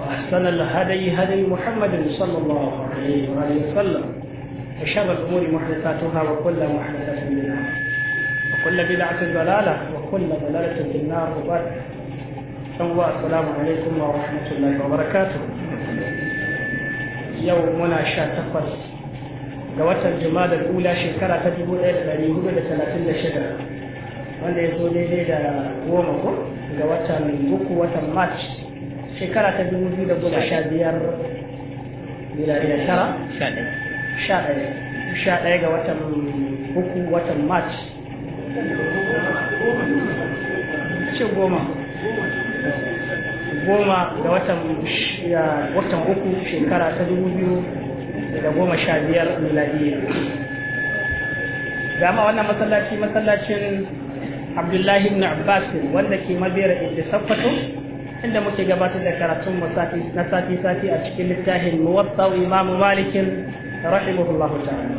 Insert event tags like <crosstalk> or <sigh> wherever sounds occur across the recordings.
وأحسن الهدي هدي محمد صلى الله عليه وآله وسلم وشر الأمور محدثاتها وكل محدثة بدعة وكل بدعة ضلالة وكل ضلالة في النار وبعد ثم السلام عليكم ورحمة الله وبركاته يومنا شا تقص قوات الجماد الأولى شكرا تجيب إلى اليهود لثلاثين شجرة وأنا يقول لي daidai da goma ko ga watan shekara ta dubu biyu da goma sha biyar miladiya tara sha ɗaya sha ɗaya ga watan uku watan march ce goma goma da watan watan uku shekara ta dubu biyu da goma sha biyar miladiya dama wannan masallaci masallacin abdullahi ibn abbas wanda ke mabera inda sakwato inda muke gabatar da karatun na sati-sati a cikin littafin muwatta imam malik rahimahullahu ta'ala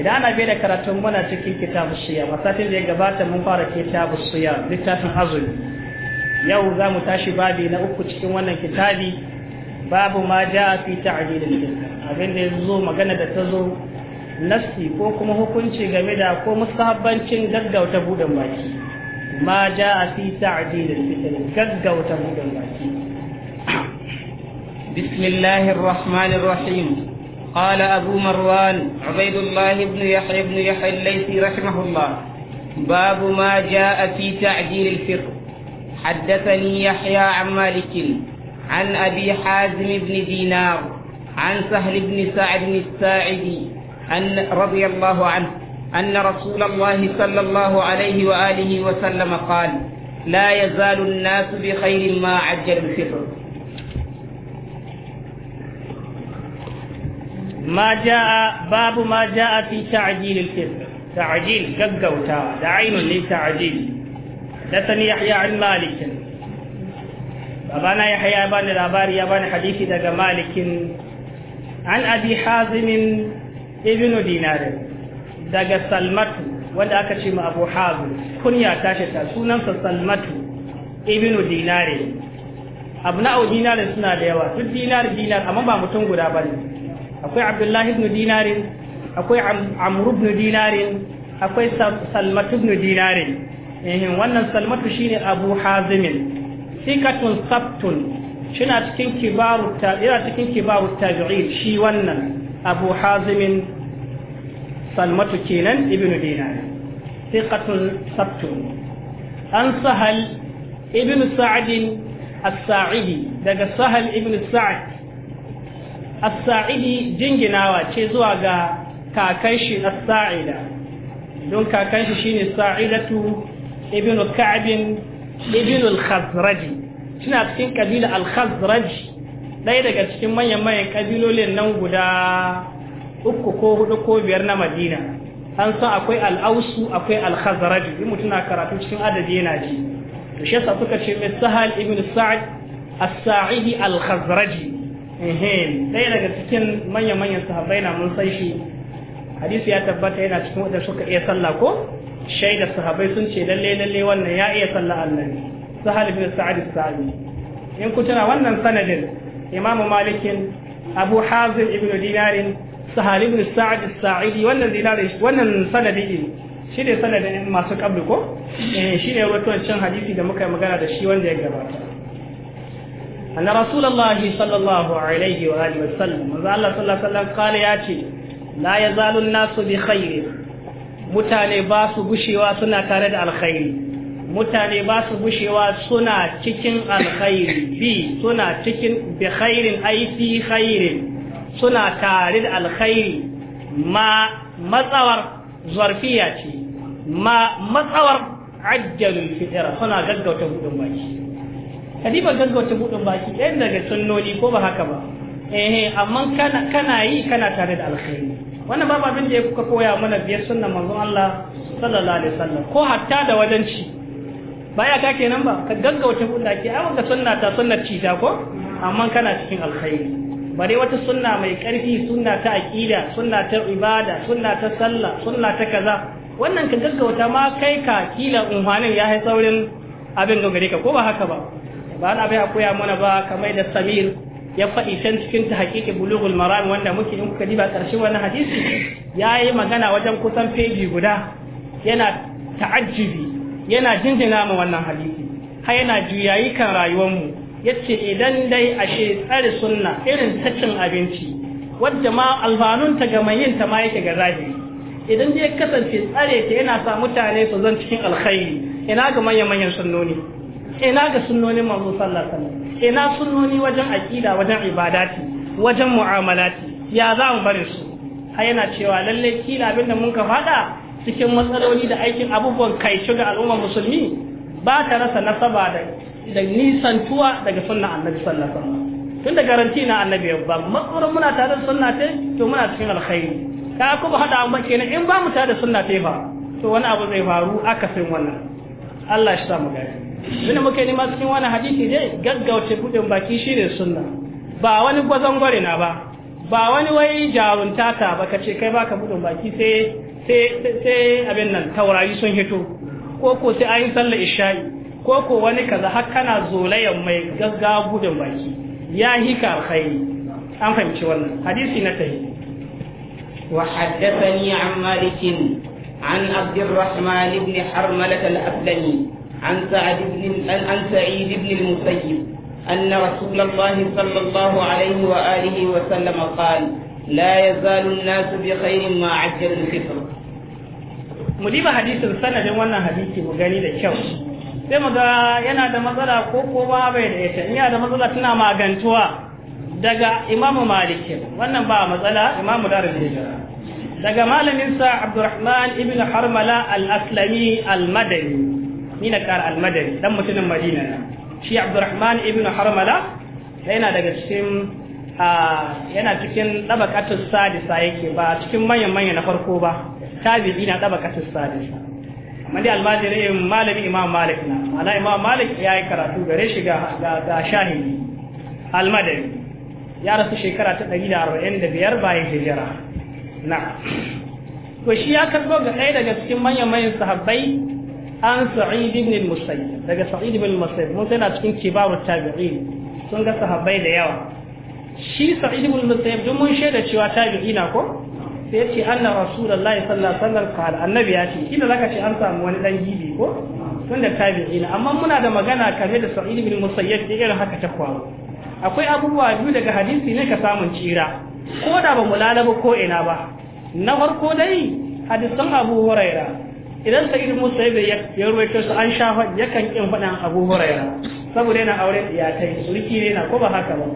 idan ana bai da karatun muna cikin kitabu siya a satin da ya gabata mun fara kitabu siya littafin azumi yau za mu tashi babi na uku cikin wannan kitabi babu ma ja fi ta'dilil kitab abin da yazo magana da ta zo ko kuma hukunci game da ko musabbancin gaggauta budan baki ما جاء في تعديل الفتن كذا بسم الله الرحمن الرحيم قال أبو مروان عبيد الله بن يحيى بن يحيى الليثي رحمه الله باب ما جاء في تعديل الفقه حدثني يحيى عن مالك عن أبي حازم بن دينار عن سهل بن سعد الساعدي أن رضي الله عنه أن رسول الله صلى الله عليه وآله وسلم قال لا يزال الناس بخير ما عجل الفطر ما جاء باب ما جاء في تعجيل الفطر تعجيل ققوتا دعين للتعجيل لسني يحيى عن مالك babana ya haya bani labari ya bani hadisi daga malikin an abi hazimin ibnu dinarin daga salmatu wanda aka ce ma abu hazu kunya ta shata sunansa salmatu ibnu dinare abu na'u dinare suna da yawa duk dinar dinar amma ba mutum guda ba ne akwai abdullahi ibnu dinarin akwai amru ibnu dinarin akwai salmatu ibnu dinarin ehin wannan salmatu shine abu hazimin sikatun sabtun shina cikin kibaru ta cikin kibaru tabi'in shi wannan abu hazimin salmatu kenan ibnu dinar thiqatun sabtun an sahal ibnu sa'd as-sa'idi daga sahal ibnu sa'd as-sa'idi jinginawa ce zuwa ga kakan shi as-sa'ida don kakan shi shine sa'idatu ibnu ka'b ibnu al-khazraj suna cikin kabila al-khazraj ɗaya daga cikin manyan manyan kabilolin nan guda uku ko hudu ko biyar na madina an san akwai al'ausu akwai al-khazraj in mutum na karatu cikin adadi yana ji to shi yasa suka ce mai sahal ibn sa'ad as-sa'idi al-khazraj ehem ɗaya daga cikin manyan manyan sahabbai na mun san shi hadisi ya tabbata yana cikin wanda suka iya sallah ko shaida sahabbai sun ce lalle lalle wannan ya iya sallah annabi sahal ibn sa'ad as-sa'idi in kun tana wannan sanadin imamu malikin abu hazim ibn dinarin sahal ibn sa'ad as-sa'idi wannan zinare wannan sanadi ne shi ne sanadin masu kabri ko eh, shi ne ruwatun cin hadisi da muka yi magana da shi wanda ya gabata anna rasulullahi sallallahu alaihi wa alihi wasallam manzo Allah sallallahu alaihi wasallam kale ya ce la yazalu an-nasu bi khairi. mutane ba su gushewa suna tare da alkhairi mutane ba su gushewa suna cikin alkhairi bi suna cikin bi khairin ai fi khairin suna tare da alkhairi ma matsawar zarfiya ce ma matsawar ajjalul fitira suna gaggauta budin baki kadiba gaggauta budin baki ɗayan daga sunnoni ko ba haka ba eh amma kana kana yi kana tare da alkhairi wannan babu abin da ya kuka koya mana biyar sunnan manzon Allah sallallahu alaihi wasallam ko hatta da wadanci baya ka kenan ba ka gaggauta budin baki ai wanda sunna ta sunnar ci ta ko amma kana cikin alkhairi bare wata sunna mai karfi sunna ta aqida sunna ta ibada sunna ta sallah sunna ta kaza wannan ka gaggauta ma kai ka kila umhanin ya hai saurin abin gare ka ko ba haka ba ba na bai koya mana ba kamar da samir ya faɗi can cikin ta haƙiƙi bulughul maram wanda muke in kuka diba ƙarshen wannan hadisi ya yi magana wajen kusan feji guda yana ta'ajjibi yana jinjina ma wannan hadisi har yana juyayi kan rayuwar mu yace idan dai ashe tsare sunna irin ta cin abinci wadda ma alfanunta ga mai yinta ma yake ga zahiri idan dai kasance tsare ta yana sa mutane su zan cikin alkhairi ina ga manyan manyan sunnoni ina ga sunnonin manzo sallallahu alaihi wasallam ina sunnoni wajen aƙida wajen ibadati wajen mu'amalati ya za mu bari su har yana cewa lalle kila abinda mun ka fada cikin matsaloli da aikin abubuwan kai ga al'ummar musulmi ba ta rasa nasaba da da nisantuwa daga sunna annabi sallallahu alaihi wasallam tun da garanti na annabi ya ba matsoron muna tare da sunna ta to muna cikin alkhairi ka ba hada amma kenan in ba mu tare da sunna ta ba to wani abu zai faru akasin wannan Allah shi sa mu gani muna muke nema cikin wani hadisi dai gaggauce budin baki shine sunna ba wani gwazon gware na ba ba wani wai jarunta ta ba ka ce kai baka budin baki sai sai sai abin nan taurari sun hito ko ko sai ayin sallar isha'i ko ko wani kaza har kana zolayan mai gaggabu gudun baki ya hika kai an fahimci wannan hadisi na tai wa haddathani an malik an abd arrahman ibn harmalah al-aslami an sa'id ibn an sa'id ibn al-musayyib أن رسول الله صلى الله عليه وآله وسلم قال لا يزال الناس بخير ما عجل الفطر مديب حديث السنة mu gani da لكيو sai mu ga yana da matsala ko ko ba bai da ita in da matsala tana magantuwa daga imamu malik wannan ba matsala imamu da hijra daga malamin sa abdurrahman ibn harmala al-aslami al-madani ni na kar al-madani dan mutumin madina shi abdurrahman ibn harmala yana daga cikin yana cikin dabakatus sadisa yake ba cikin manyan manyan na farko ba tabi'i na dabaqatus sadisa mali almajiri malami imam malik na mala imam malik ya yi karatu gare shi ga ga shahidi almadari ya rasu shekara ta 145 bayan hijira na to shi ya karbo ga ɗaya daga cikin manyan manyan sahabbai an sa'id ibn al-musayyib daga sa'id ibn al-musayyib mun na cikin kibarut tabi'in sun ga sahabbai da yawa shi sa'id ibn al-musayyib don mun shaida cewa tabi'ina ko sai ya ce anna rasulullahi sallallahu alaihi wasallam annabi ya ce kina zaka ce an samu wani dan gibi ko Tun tunda tabi'ina amma muna da magana kare da sa'id bin musayyib irin haka ta kwaro akwai abubuwa biyu daga hadisi ne ka samun tsira ko da ba mu lalaba ko ina ba na farko dai hadisan abu huraira idan sa'id bin musayyib ya ruwaito su an sha yakan kin fadan abu huraira saboda yana aure iyatai surki ne na ko ba haka ba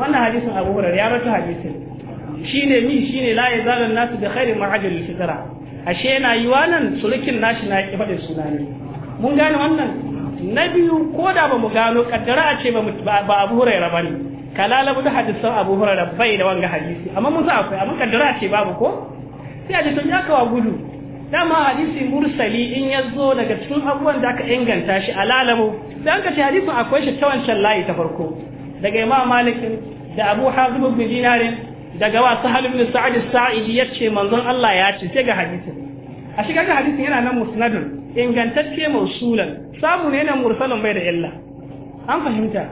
wannan hadisin abu huraira ya rato hadisin shine min shine la yazalan nasu da khairin mahajir fitra ashe na yi nan surukin nashi na ki faɗin suna ne mun gane wannan na biyu ko da ba mu gano kaddara a ce ba abu huraira bane kalala bu da hadisan abu huraira bai da wanga hadisi amma mun sa akwai amma kaddara a ce babu ko sai a ji to ya kawa gudu dama hadisi mursali in ya zo daga cikin abubuwan da aka inganta shi alalamu da an ka ce hadisin akwai shi ta wancan layi ta farko daga imam malikin da abu hazim bin dinarin daga wa sahal ibn sa'ad saidi yace manzon Allah ya ce ga hadisi a shi kaga hadisin yana nan musnadun ingantacce mausulan samu ne nan mursalin bai da illa an fahimta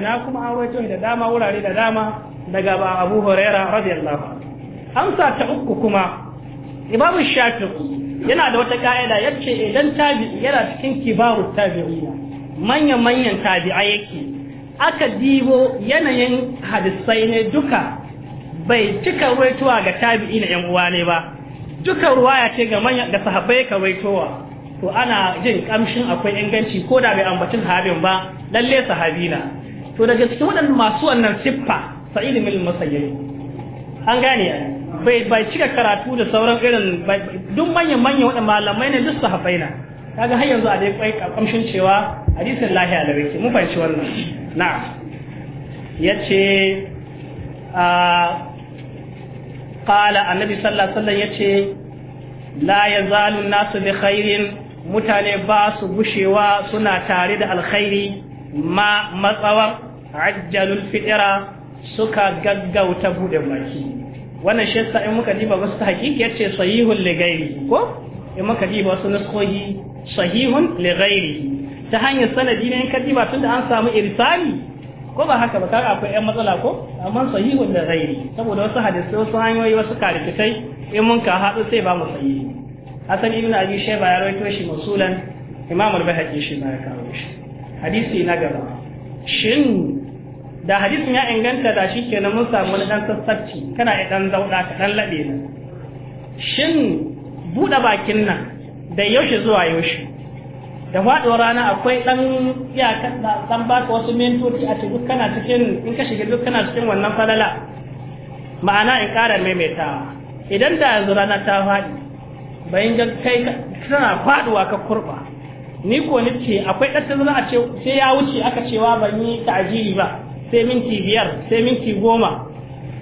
na kuma an rawaito da dama wurare da dama daga ba Abu Huraira radiyallahu anhu amsa ta uku kuma Imam Shafi'i yana da wata ka'ida yace idan tabi'i yana cikin kibaru tabi'ina manyan manyan tabi'a yake aka dibo yanayin hadisai ne duka bai cika ruwaitowa ga tabi'i na yan uwa ne ba duka ya ce ga manya da sahabbai ka waitowa to ana jin kamshin akwai inganci ko da bai ambatin sahabin ba lalle sahabi na to daga cikin waɗannan masu wannan siffa sa'id mil musayyib an gane bai bai cika karatu da sauran irin duk manya-manya waɗannan malamai ne duk sahabbai na kaga har yanzu a dai kai kamshin cewa hadisin lahi alawi mun fahimci wannan na'am yace a ah, qala annabi sallallahu alaihi wasallam yace la yazalu nasu bi khairin mutane ba su gushewa suna tare da alkhairi ma matsawar ajjalul fitira suka gaggauta bude baki wannan shi sa in muka diba wasu hakiki yace sahihun ligairi ko in muka diba wasu nuskohi sahihun ligairi ta hanyar sanadi ne in ka diba tunda an samu irsali ko ba haka ba kaga akwai yan matsala ko amma sahihu da ghairi saboda wasu hadisi wasu hanyoyi wasu karikitai in mun ka hadu sai ba mu sahihi hasan ibn abi shayba ya rawaito shi musulan imam al-bahaqi shi ma ya kawo shi hadisi na gaba shin da hadisin ya inganta da shi kenan mun samu wani dan sassafci? kana ya dan zauda ka dan labe shin buɗe bakin nan da yaushe zuwa yaushe da faɗuwar rana akwai ɗan iyakar da ɗan ba ka wasu mintoci a cikin kana cikin in ka shiga duk kana cikin wannan falala ma'ana in ƙara maimaitawa idan da yanzu rana ta faɗi bayan ga kai tana faɗuwa ka kurɓa ni ko ni ce akwai ɗan tazara a ce sai ya wuce aka cewa ban yi ta'ajiri ba sai minti biyar sai minti goma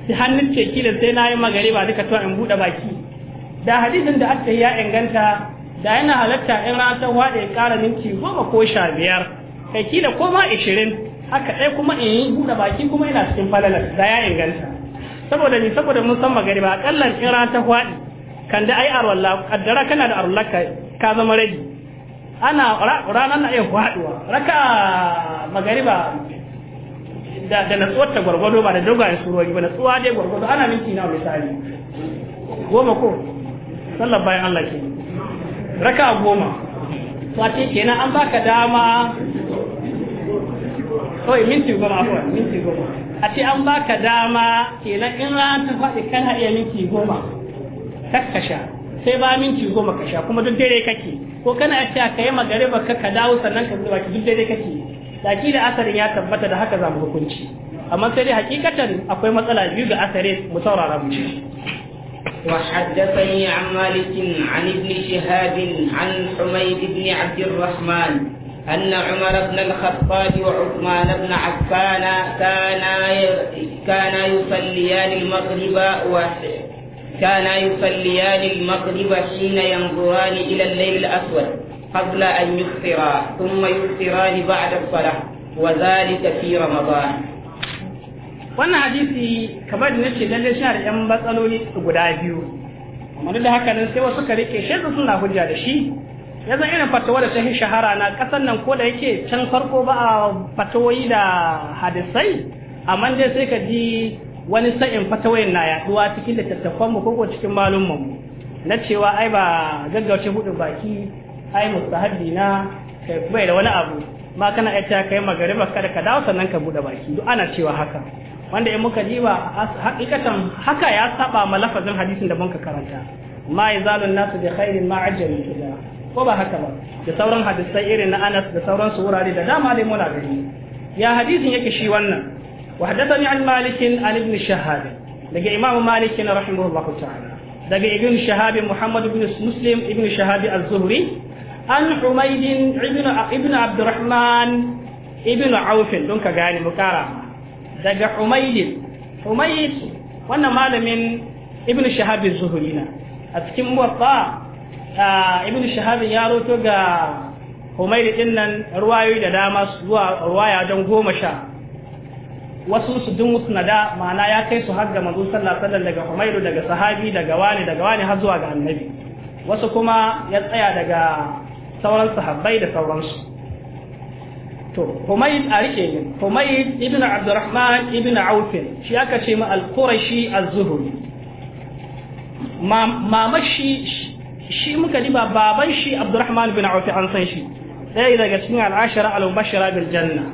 sai hannun ce kila sai na yi magariba duka to in buɗe baki da hadisin da aka ya inganta da yana halatta in rana ta waɗe ƙara minti goma ko sha biyar kai kila ko ma ishirin haka ɗaya kuma in yi buɗe baki kuma yana cikin falalar da ya inganta saboda ni saboda mun san magari ba aƙalla in ranar waɗe kan da ai arwalla kaddara kana da arwalla ka zama rabi ana ranar na iya faɗuwa raka magariba da da natsuwar ta gwargwado ba da dogayen surori ba natsuwa dai gwargwado ana minti na misali goma ko sallar bayan Allah ke raka goma wace kenan an baka dama kawai minti goma afuwa minti goma a ce an baka dama kenan in ran ta faɗi kana iya minti goma kakkasha sai ba minti goma kasha kuma duk dare kake ko kana ce ka yi magariba ka ka dawo sannan ka zuwa ki duk dare kake daki da asarin ya tabbata da haka za mu hukunci amma sai dai hakikatan akwai matsala biyu ga asarin mu saurara mu وحدثني عن مالك عن ابن شهاب عن حميد بن عبد الرحمن أن عمر بن الخطاب وعثمان بن عفان كانا كانا يصليان المغرب كانا يصليان المغرب حين ينظران إلى الليل الأسود قبل أن يفطرا ثم يفطران بعد الصلاة وذلك في رمضان wannan hadisi kamar da nace lalle shi da yan matsaloli guda biyu amma duk da haka nan sai wasu ka rike shi suna hujja da shi ya zan irin fatawa da sahi shahara na kasan nan ko da yake can farko ba a fatawoyi da hadisai amma dai sai ka ji wani sa'in fatawayin na yaduwa cikin littattafan mu ko cikin malumman mu na cewa ai ba gaggauce hudu baki ai mustahabbi na kai bai da wani abu ma kana aita kai magariba kada ka dawo sannan ka buɗe baki duk ana cewa haka wanda in muka diba hakikatan haka ya saba ma lafazin hadisin da mun ka karanta ma yazalun nasu bi khairin ma ajjalu ko ba haka ba da sauran hadisai irin na Anas da sauran su wurare da dama dai muna gani ya hadisin yake shi wannan wa hadathani an malik an ibn shahab daga imam malik rahimahullahu ta'ala daga ibn shahab muhammad ibn muslim ibn shahab az-zuhri an humayd ibn ibn abdurrahman ibn auf don ka gani mukara daga Humaylis Humaylis wannan malamin Ibn Shahab az-Zuhri na a cikin muwatta Ibn Shahab ya roto ga Humaylis din nan ruwayoyi da dama zuwa ruwaya don goma sha wasu su dun musnada ma'ana ya kai su har ga manzo sallallahu alaihi wasallam daga Humayru daga sahabi daga wani daga wani har zuwa ga annabi wasu kuma ya tsaya daga sauran sahabbai da sauransu to Humayd a rike min Humayd ibn Abdurrahman ibn Auf shi aka ce ma al-Qurashi az-Zuhri mama shi shi muka diba baban shi Abdurrahman ibn Auf an san shi sai daga cikin al-ashara al-mubashshara bil janna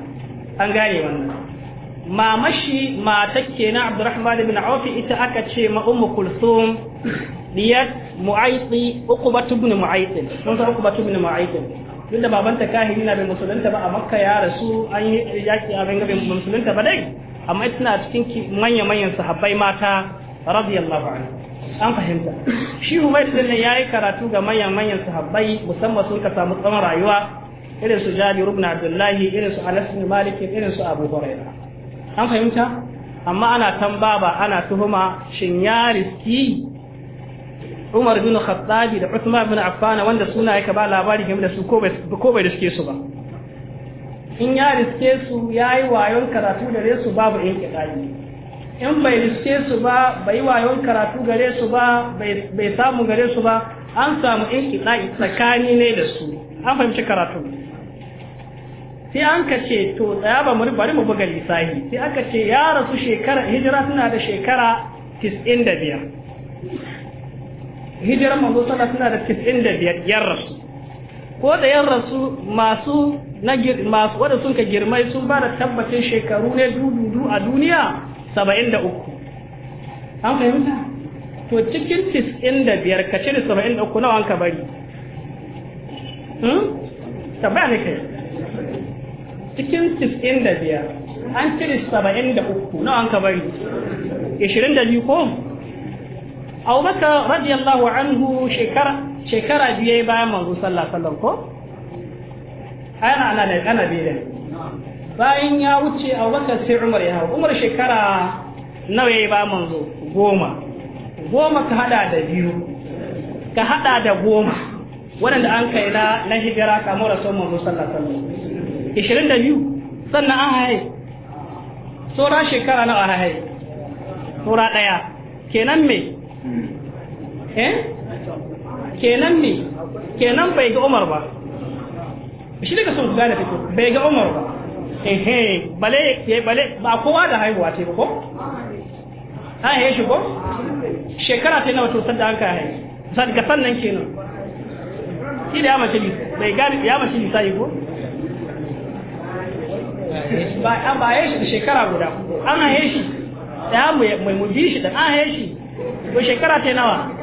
an gane wannan mama shi matar kenan Abdurrahman ibn Auf ita aka ce ma Ummu Kulthum diyat Mu'ayti Uqbah ibn Mu'ayti mun san Uqbah ibn Mu'ayti duk da babanta kahiri na bai musulunta ba a makka ya rasu an yi yaki a bai musulunta ba dai amma tana cikin manya-manyan sahabbai mata radiyallahu anhu an fahimta shi Umair din nan yayi karatu ga manya-manyan sahabbai musamman sun ka samu tsawon rayuwa irin su Jabir ibn Abdullah irin su Anas bin Malik irin su Abu Hurairah an fahimta amma ana tambaba ana tuhuma shin ya riski Umar bin Khattabi da Uthman bin Affan wanda suna yake ba labari game da su ko bai da suke su ba in ya riske su ya yi wayon karatu gare su babu yin kiɗaɗi in bai riske su ba bai wayon karatu gare su ba bai samu gare su ba an samu yin kiɗaɗi tsakani ne da su an fahimci karatu sai an ka ce to tsaya ba mu bari mu buga lisahi sai aka ce ya rasu shekara hijira tana da shekara 95 hijirar manzo sallah suna da da biyar yar rasu ko da yan rasu masu na masu wanda sun ka girmai sun ba da tabbacin shekaru ne dududu a duniya 73 an fahimta to cikin da biyar ka cire 73 nawa an ka bari hmm tabbaya ne kai cikin da biyar an cire 73 nawa an ka bari 22 ko abubakar radiyallahu anhu shekara shekara biye bayan manzo sallallahu alaihi wasallam ko ana ana da ana biye bayan ya wuce abubakar sai umar ya hawo umar shekara nawa ya ba manzo goma goma ka hada da biyu ka hada da goma waɗanda an kai na na hijira kamar rasul manzo sallallahu alaihi wasallam ishirin da biyu sannan an haye tsora shekara nawa haye tsora ɗaya kenan me eh kenan ne kenan bai ga Umar ba shi daga sun gane fito bai ga Umar ba eh bale ya bale ba kowa da haihuwa ce ba ko ha ya ko? shekara ta nawa to sanda an ka haihu san ga sannan kenan shi da ya mace bai gane ya mace sai ko ba an ba ya shi da shekara guda an haihe shi da mai mu bi shi da an haihe shi to shekara ta nawa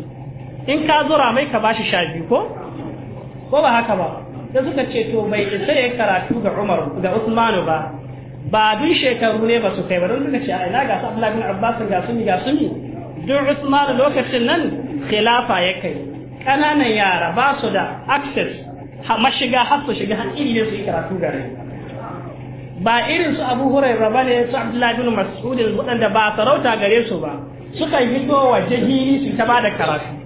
in ka zura mai ka bashi sha biyu ko ko ba haka ba da suka ce to bai isa ya karatu ga Umar ga Usmanu ba ba dun shekaru ne ba su kai ba don suka ce a ina ga Abdullah Abdullahi bin Abbas ga su ga su duk Usmanu lokacin nan khilafa ya kai kananan yara ba su da access mashiga har su shiga har iri ne su yi karatu gare ba irin su Abu Hurairah ba ne su Abdullahi bin Mas'ud wadanda ba sarauta gare su ba suka yi to waje hili su ta bada da karatu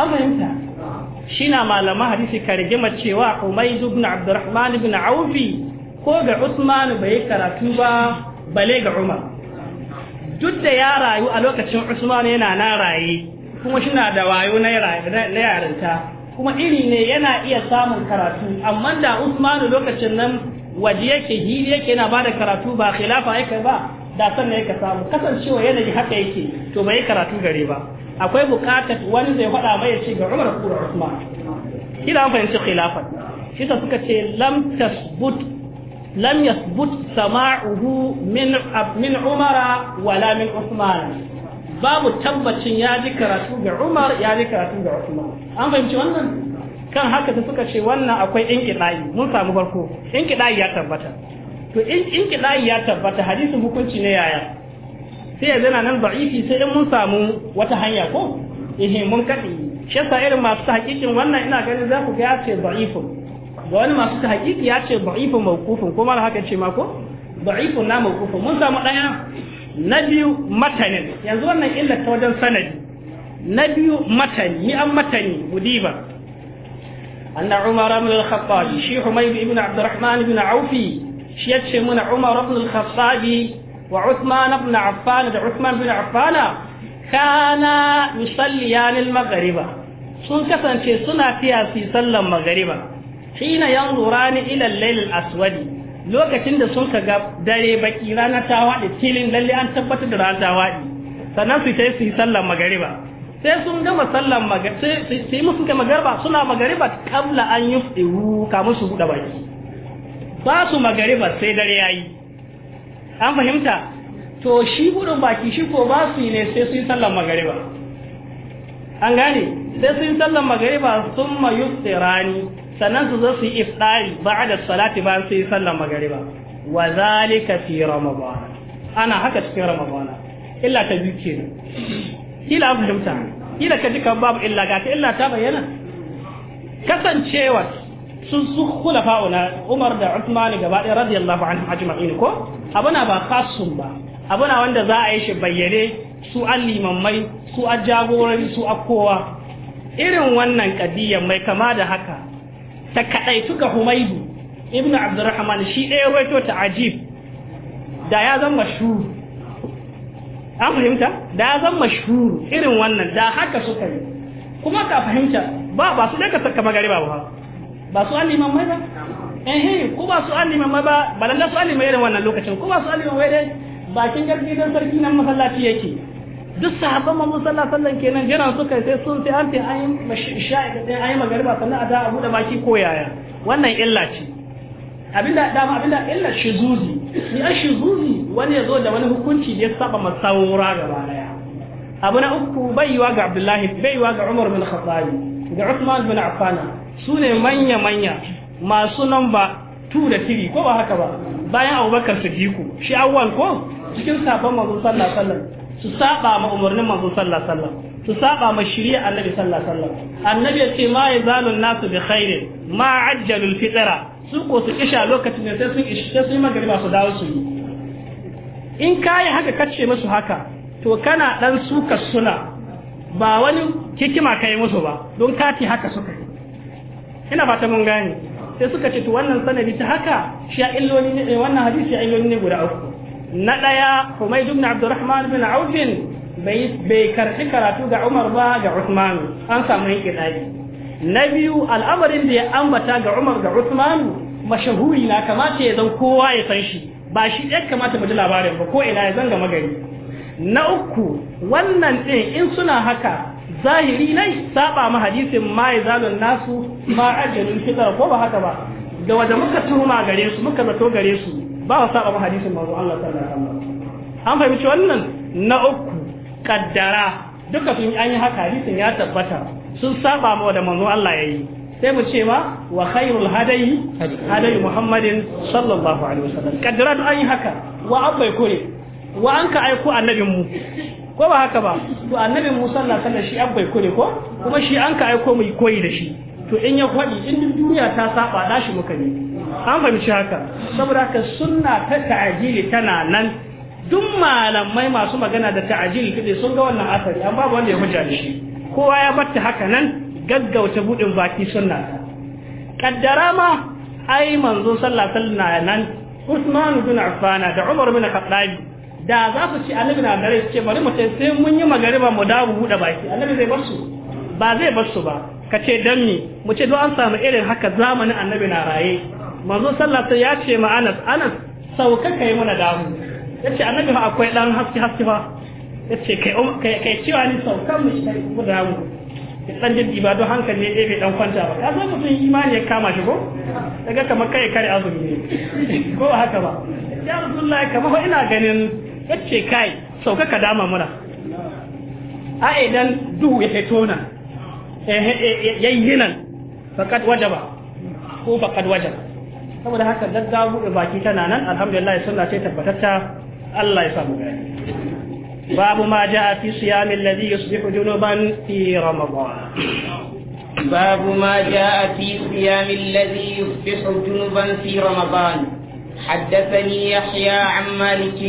an fahimta shi na malaman hadisi kargima cewa umayyu ibn abdurrahman ibn aufi ko ga usman bai karatu ba bale ga umar duk da ya rayu a lokacin usman yana na raye kuma shi na da wayo na yarinta kuma iri ne yana iya samun karatu amma da usman lokacin nan waje yake hili yake yana bada karatu ba khilafa yake ba da sannan yake samu kasancewa yanayi haka yake to bai karatu gare ba akwai bukatar wani zai faɗa mai ya ce ga Umar kura Usman kila an fahimci khilafan. shi ta suka ce lam tasbut lam yasbut sama'uhu min min Umar wala min Usman babu tabbacin ya ji karatu ga Umar ya ji karatu ga Usman an fahimci wannan kan haka da suka ce wannan akwai inkidayi mun samu farko inkidayi ya tabbata to in ya tabbata hadisin hukunci ne yaya sai ya zana nan da'ifi sai in mun samu wata hanya ko eh mun kadi shi yasa irin masu tahqiqin wannan ina ganin za ku ga ya ce da'ifun ga wani masu tahqiqi ya ce da'ifun mawqufun ko da haka ce ma ko da'ifun na mawqufun mun samu daya na biyu matanin yanzu wannan illa ta wajen sanadi na biyu matani ni an matani mudiba أن عمر بن الخطاب شيخ حميد بن عبد الرحمن بن عوفي شيخ من عمر بن الخطاب wa Uthman ibn da Uthman ibn Affan kana sun kasance suna fiya su sallan maghriba hina yanzurani ila al-layl lokacin da sun ga dare baki rana ta wadi tilin lalle an tabbatar da rana ta sannan su tayi su sallan maghriba sai sun gama sallan maghriba su yi musu suna an kamun su buɗe baki ba su sai dare yayi an fahimta to shi buɗin baki shi ko ba su ne sai sun yi sallan magariba an gane sai sun yi sallan magariba sun ma yuftirani sannan su zo su yi iftari da salati bayan su yi sallan magariba wa zalika fi ramadan ana haka cikin ramadan illa ta biyu kenan ila an fahimta ila ka ji kan babu illa ga ta illa ta bayyana kasancewa sun su kula fa'una Umar da Uthman gaba ɗaya radiyallahu anhu ajma'in ko abuna ba khasun ba abuna wanda za a yi shi bayyane su an limammai su a jagorori su a kowa irin wannan kadiyar mai kama da haka ta kadai suka Humaydu ibnu Abdurrahman shi ɗaya waito ta ajib da ya zan mashhur an fahimta da ya zan mashhur irin wannan da haka suka yi kuma ka fahimta ba ba su ka saka magariba ba ba su alli mai ba eh ko ba su alli mai ba da su mai irin wannan lokacin ko ba su alli mai dai bakin garbi don sarki nan masallaci yake duk sahabban mu sallallahu alaihi kenan jiran kai sai sun sai an ta ayi sha'i sai ayi magariba sannan a da abu da baki koyaya wannan illa ce abinda dama abinda illa shizuzi ni a shizuzi wani ya zo da wani hukunci da ya saba masaura gaba daya abu na uku bai ga abdullahi bai ga umar bin khattabi ga uthman bin affan su ne manya-manya masu ba tu da tiri, ko ba haka ba bayan abubakar su sadiku shi awwal ko cikin sabon masu sallah-sallah, su saba ma umarnin masu sallah-sallah, su saba ma shirya annabi sallah-sallah, annabi ya ce ma yazalun nasu bi khairi ma ajjalul fitra su ko su kisha lokacin da sai sun ishe su magariba su dawo su yi. in kai haka kace musu haka to kana dan suka suna ba wani hikima kai musu ba don kati haka suka yi ina fata mun gane sai suka ce to wannan sanadi ta haka shi illoli ne eh, wannan hadisi ya illoli ne guda uku na daya Humayd ibn Abdurrahman ibn Auf bai karɓi karatu ga Umar ba ga Uthman an samu yanke na biyu al'amarin da ya ambata ga Umar ga Uthman mashahuri na kamata ya zan kowa ya san shi ba shi ɗaya kamata mu ji labarin ba ko ina ya zanga magani. na uku wannan ɗin in suna haka zahiri nai saba ma hadisin ma yazalun nasu ma ajalin kidar ko ba haka ba da wanda muka tuhuma gare su muka zato gare su ba wa saba ma hadisin manzo Allah sallallahu alaihi wasallam an fahimci wannan na uku kaddara duka sun an yi haka hadisin ya tabbata sun saba ma da manzo Allah yayi sai mu ce ma wa khairul hadayi hadayi muhammadin sallallahu alaihi wasallam kaddara duk an yi haka wa an bai kore wa an ka aiko annabinmu mu ko ba haka ba to annabi Musa sallallahu alaihi shi an bai ne ko kuma shi an ka aiko mu koyi da shi to in ya faɗi in duniya ta saba da shi muka ne an fahimci haka saboda haka sunna ta ta'ajili tana nan duk malamai masu magana da ta'ajili kide sun ga wannan asari an babu wanda ya hujja da shi kowa ya batta haka nan gaggauta budin baki sunna kaddara ma ai manzo sallallahu alaihi wasallam nan Usman bin affana da Umar bin khattabi da za su ci annabi na dare ce bari mu sai mun yi magariba mu dawo buɗe baki annabi zai bar su ba zai bar su ba ka ce dan ni mu ce don an samu irin haka zamanin annabi na raye manzo sallallahu ya ce ma Anas Anas sauka kai muna damu yace annabi fa akwai dan haske haske fa yace kai um, kai kai cewa ni sauka mu shi mu damu dan jiddi ba don hankali ne bai dan kwanta ba kasan mutum imani ya kama shi ko daga kamar kai kare azumi ne <laughs> ko haka ba ya Rasulullahi kamar ina ganin yace kai sauka ka dama mura a idan duhu ya fito eh yayi nan faqad wajaba ko faqad wajaba saboda haka dadda da baki tana nan alhamdulillah sunna ce tabbatacce Allah ya samu gani babu ma jaa fi siyami alladhi yusbihu junuban fi ramadan باب ما جاء في صيام الذي يفتح جنبا في رمضان حدثني يحيى عن مالك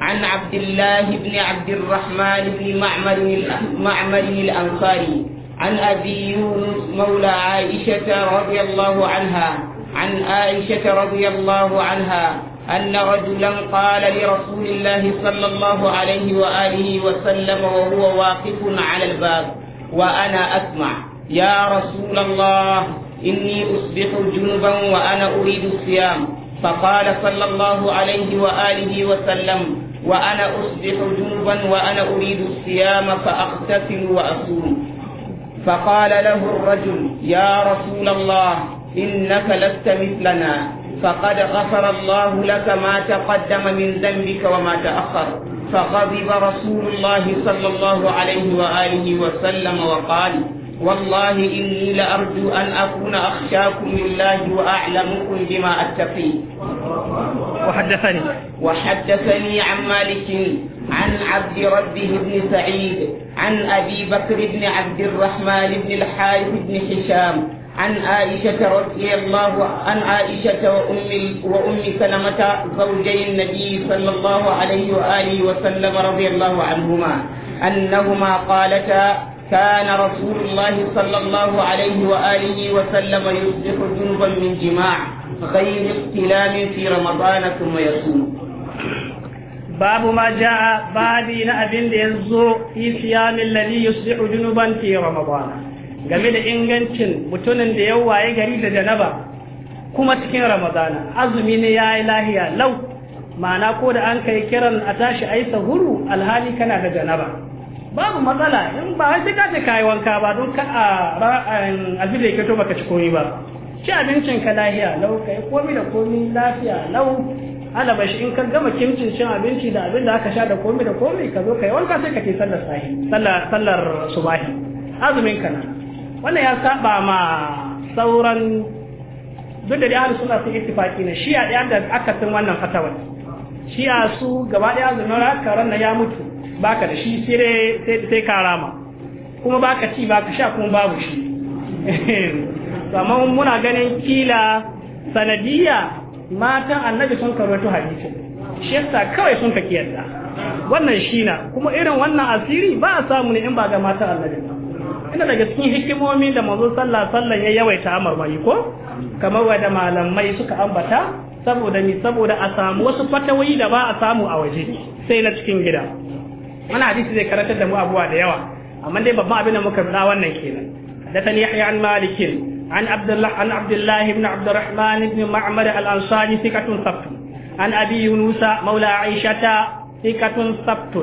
عن عبد الله بن عبد الرحمن بن معمر معمر الأنصاري عن أبي يونس مولى عائشة رضي الله عنها عن عائشة رضي الله عنها أن رجلا قال لرسول الله صلى الله عليه وآله وسلم وهو واقف على الباب وأنا أسمع يا رسول الله إني أصبح جنبا وأنا أريد الصيام فقال صلى الله عليه وآله وسلم وأنا أصبح جنبا وأنا أريد الصيام فأغتسل وأصوم فقال له الرجل يا رسول الله إنك لست مثلنا فقد غفر الله لك ما تقدم من ذنبك وما تأخر فغضب رسول الله صلى الله عليه وآله وسلم وقال والله إني لأرجو أن أكون أخشاكم لله وأعلمكم بما أتقي وحدثني وحدثني عن مالك عن عبد ربه بن سعيد عن أبي بكر بن عبد الرحمن بن الحارث بن هشام عن عائشة رضي الله عن عائشة وأم وأم سلمة زوجي النبي صلى الله عليه وآله وسلم رضي الله عنهما أنهما قالتا كان رسول الله صلى الله عليه وآله وسلم يصبح جنبا من جماع غير اختلام في رمضان ثم يصوم باب ما جاء بعدي نأبين يزو في صيام الذي يصبح جنوبا في رمضان game da ingancin mutumin da ya waye gari da janaba kuma cikin ramadana azumi ne ya yi lahiya lau ma'ana ko da an kai kiran a tashi a yi sahuru alhali kana da janaba babu matsala in ba wai sai ka kayi wanka ba don ka a alfil da yake to baka ci komai ba ci abincin ka lahiya lau ka yi komi da komi lafiya lau alaba shi in ka gama kimcin cin abinci da abin da aka sha da komi da komi ka zo ka yi wanka sai ka ke sallar sahi sallar subahi azumin ka na wannan ya saba ma sauran duk da dai ahlus sunna sun ittifaqi na. shi a da aka sun wannan fatawar shi a su gaba ɗaya azumin raka ran ya mutu baka da shi sai sai karama kuma baka ci baka sha kuma babu shi <laughs> amma muna ganin kila sanadiya matan annabi sun karwato hadisi shi yasa kawai sun ka kiyarda wannan shina kuma irin wannan asiri ba a samu ne in ba ga matan annabi ina daga cikin hikimomi da manzo sallah sallan ya yawaita amar amarmari ko kamar wanda malamai suka ambata saboda ni saboda a samu wasu fatawoyi da ba a samu a waje sai na cikin gida wannan hadisi zai karatar da mu abuwa da yawa amma dai babban abin da muka fada wannan kenan حدثني يحيى عن مالك عن عبد الله عن عبد الله بن عبد الرحمن بن معمر الانصاري ثقة ثبت عن ابي يونس مولى عائشة ثقة ثبت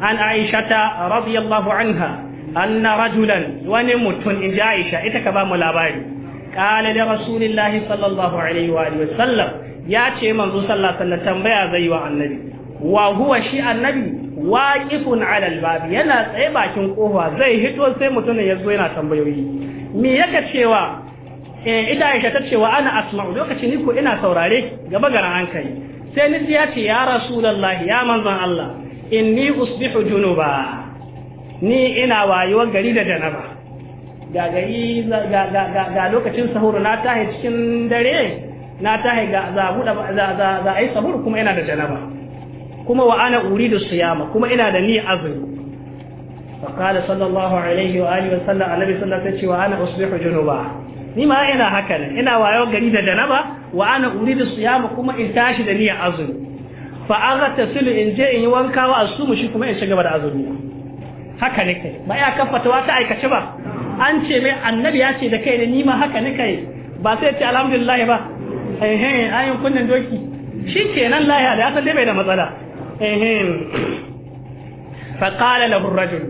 عن عائشة رضي الله عنها أن رجلا ونمت إن عائشة إتكبا ملاباري قال لرسول الله صلى الله عليه وآله وسلم يا شيء من صلى الله عليه وسلم تنبيه زي النبي wa huwa shi annabi waqifun ala albab yana tsaye bakin kofa zai hito sai mutumin ya zo yana tambayoyi me yake cewa eh ita Aisha ta cewa ana asma'u lokacin ni ko ina saurare gaba garan hankali sai ni ya ce ya rasulullahi ya manzon Allah inni usbihu junuba ni ina wayo gari da janaba ga gari ga lokacin sahuru na tahi cikin dare na tahi ga za za za ai sahur kuma ina da janaba kuma wa ana uridu siyama kuma ina da ni azumi fa qala sallallahu alaihi wa alihi wa sallam annabi sallallahu alaihi wa ana usbihu junuba ni ma ina haka ne ina wayo gari da janaba wa ana uridu siyama kuma in tashi da niyyar azumi fa aghtasilu in je in yi wanka wa asumu shi kuma in ci gaba da azumi haka ne kai ba ya kafata wata aikace ba an ce mai annabi ya ce da kai ne ni ma haka ne kai ba sai ce alhamdulillah ba eh eh ayin kunnen doki shi kenan lahiya da ya san dai bai da matsala faƙala lahur rajul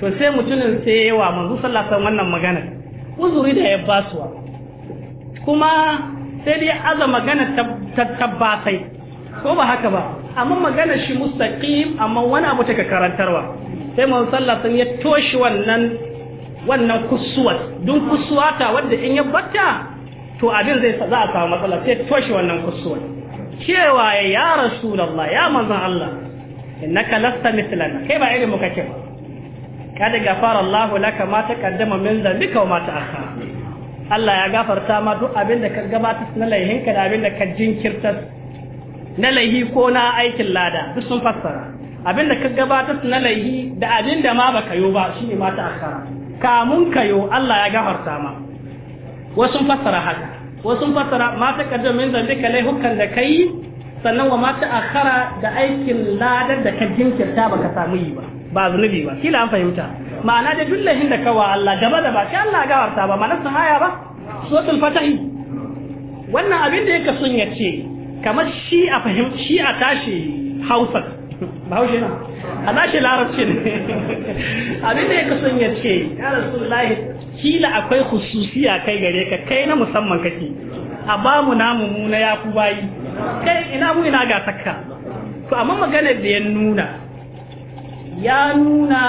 to sai mutumin sai yawa manzo sallasan wannan magana uzuri da ya basuwa kuma sai dai aza magana tabbatai ko ba haka ba amma magana shi mustaqim amma wani abu take karantarwa sai manzo sallasan ya toshi wannan wannan kusuwar dun kusuwata wanda in ya batta to abin zai za a samu matsala sai toshi wannan kusuwar cewa ya rasulallah ya manzon Allah ka lasta mislan kai ba irin mu ce ba kada gafara Allah laka ma kaddama min zalika wa ma ta'akhkhara Allah ya gafarta ma duk abin da ka gabatar na laihinka da abin da ka jinkirta na laihi ko na aikin lada duk sun fassara abin da ka gabatar na laihi da abin da ma baka yo ba shine ma ta'akhkhara kamun kayo Allah ya gafarta ma wasu fassara haka wasu fassara ma ta kaddama min zambika laihukan da kai sannan wa ma ta akhara da aikin ladar da ka jinkirta baka samu yi ba ba zunubi ba kila an fahimta ma'ana da duk laifin da kawa Allah gaba da ba sai Allah gawarta ba ma'ana sun haya ba suratul fatahi wannan abin da yake sun yace kamar shi a fahimci shi a tashi hausa bahaushe na a nashi larabci ne abin da ya kasan ya ce ya lahi kila akwai hususiya kai gare ka kai na musamman kake a ba mu namu mu na yaku bayi kai ina mu ina ga takka? to amma maganar da ya nuna ya nuna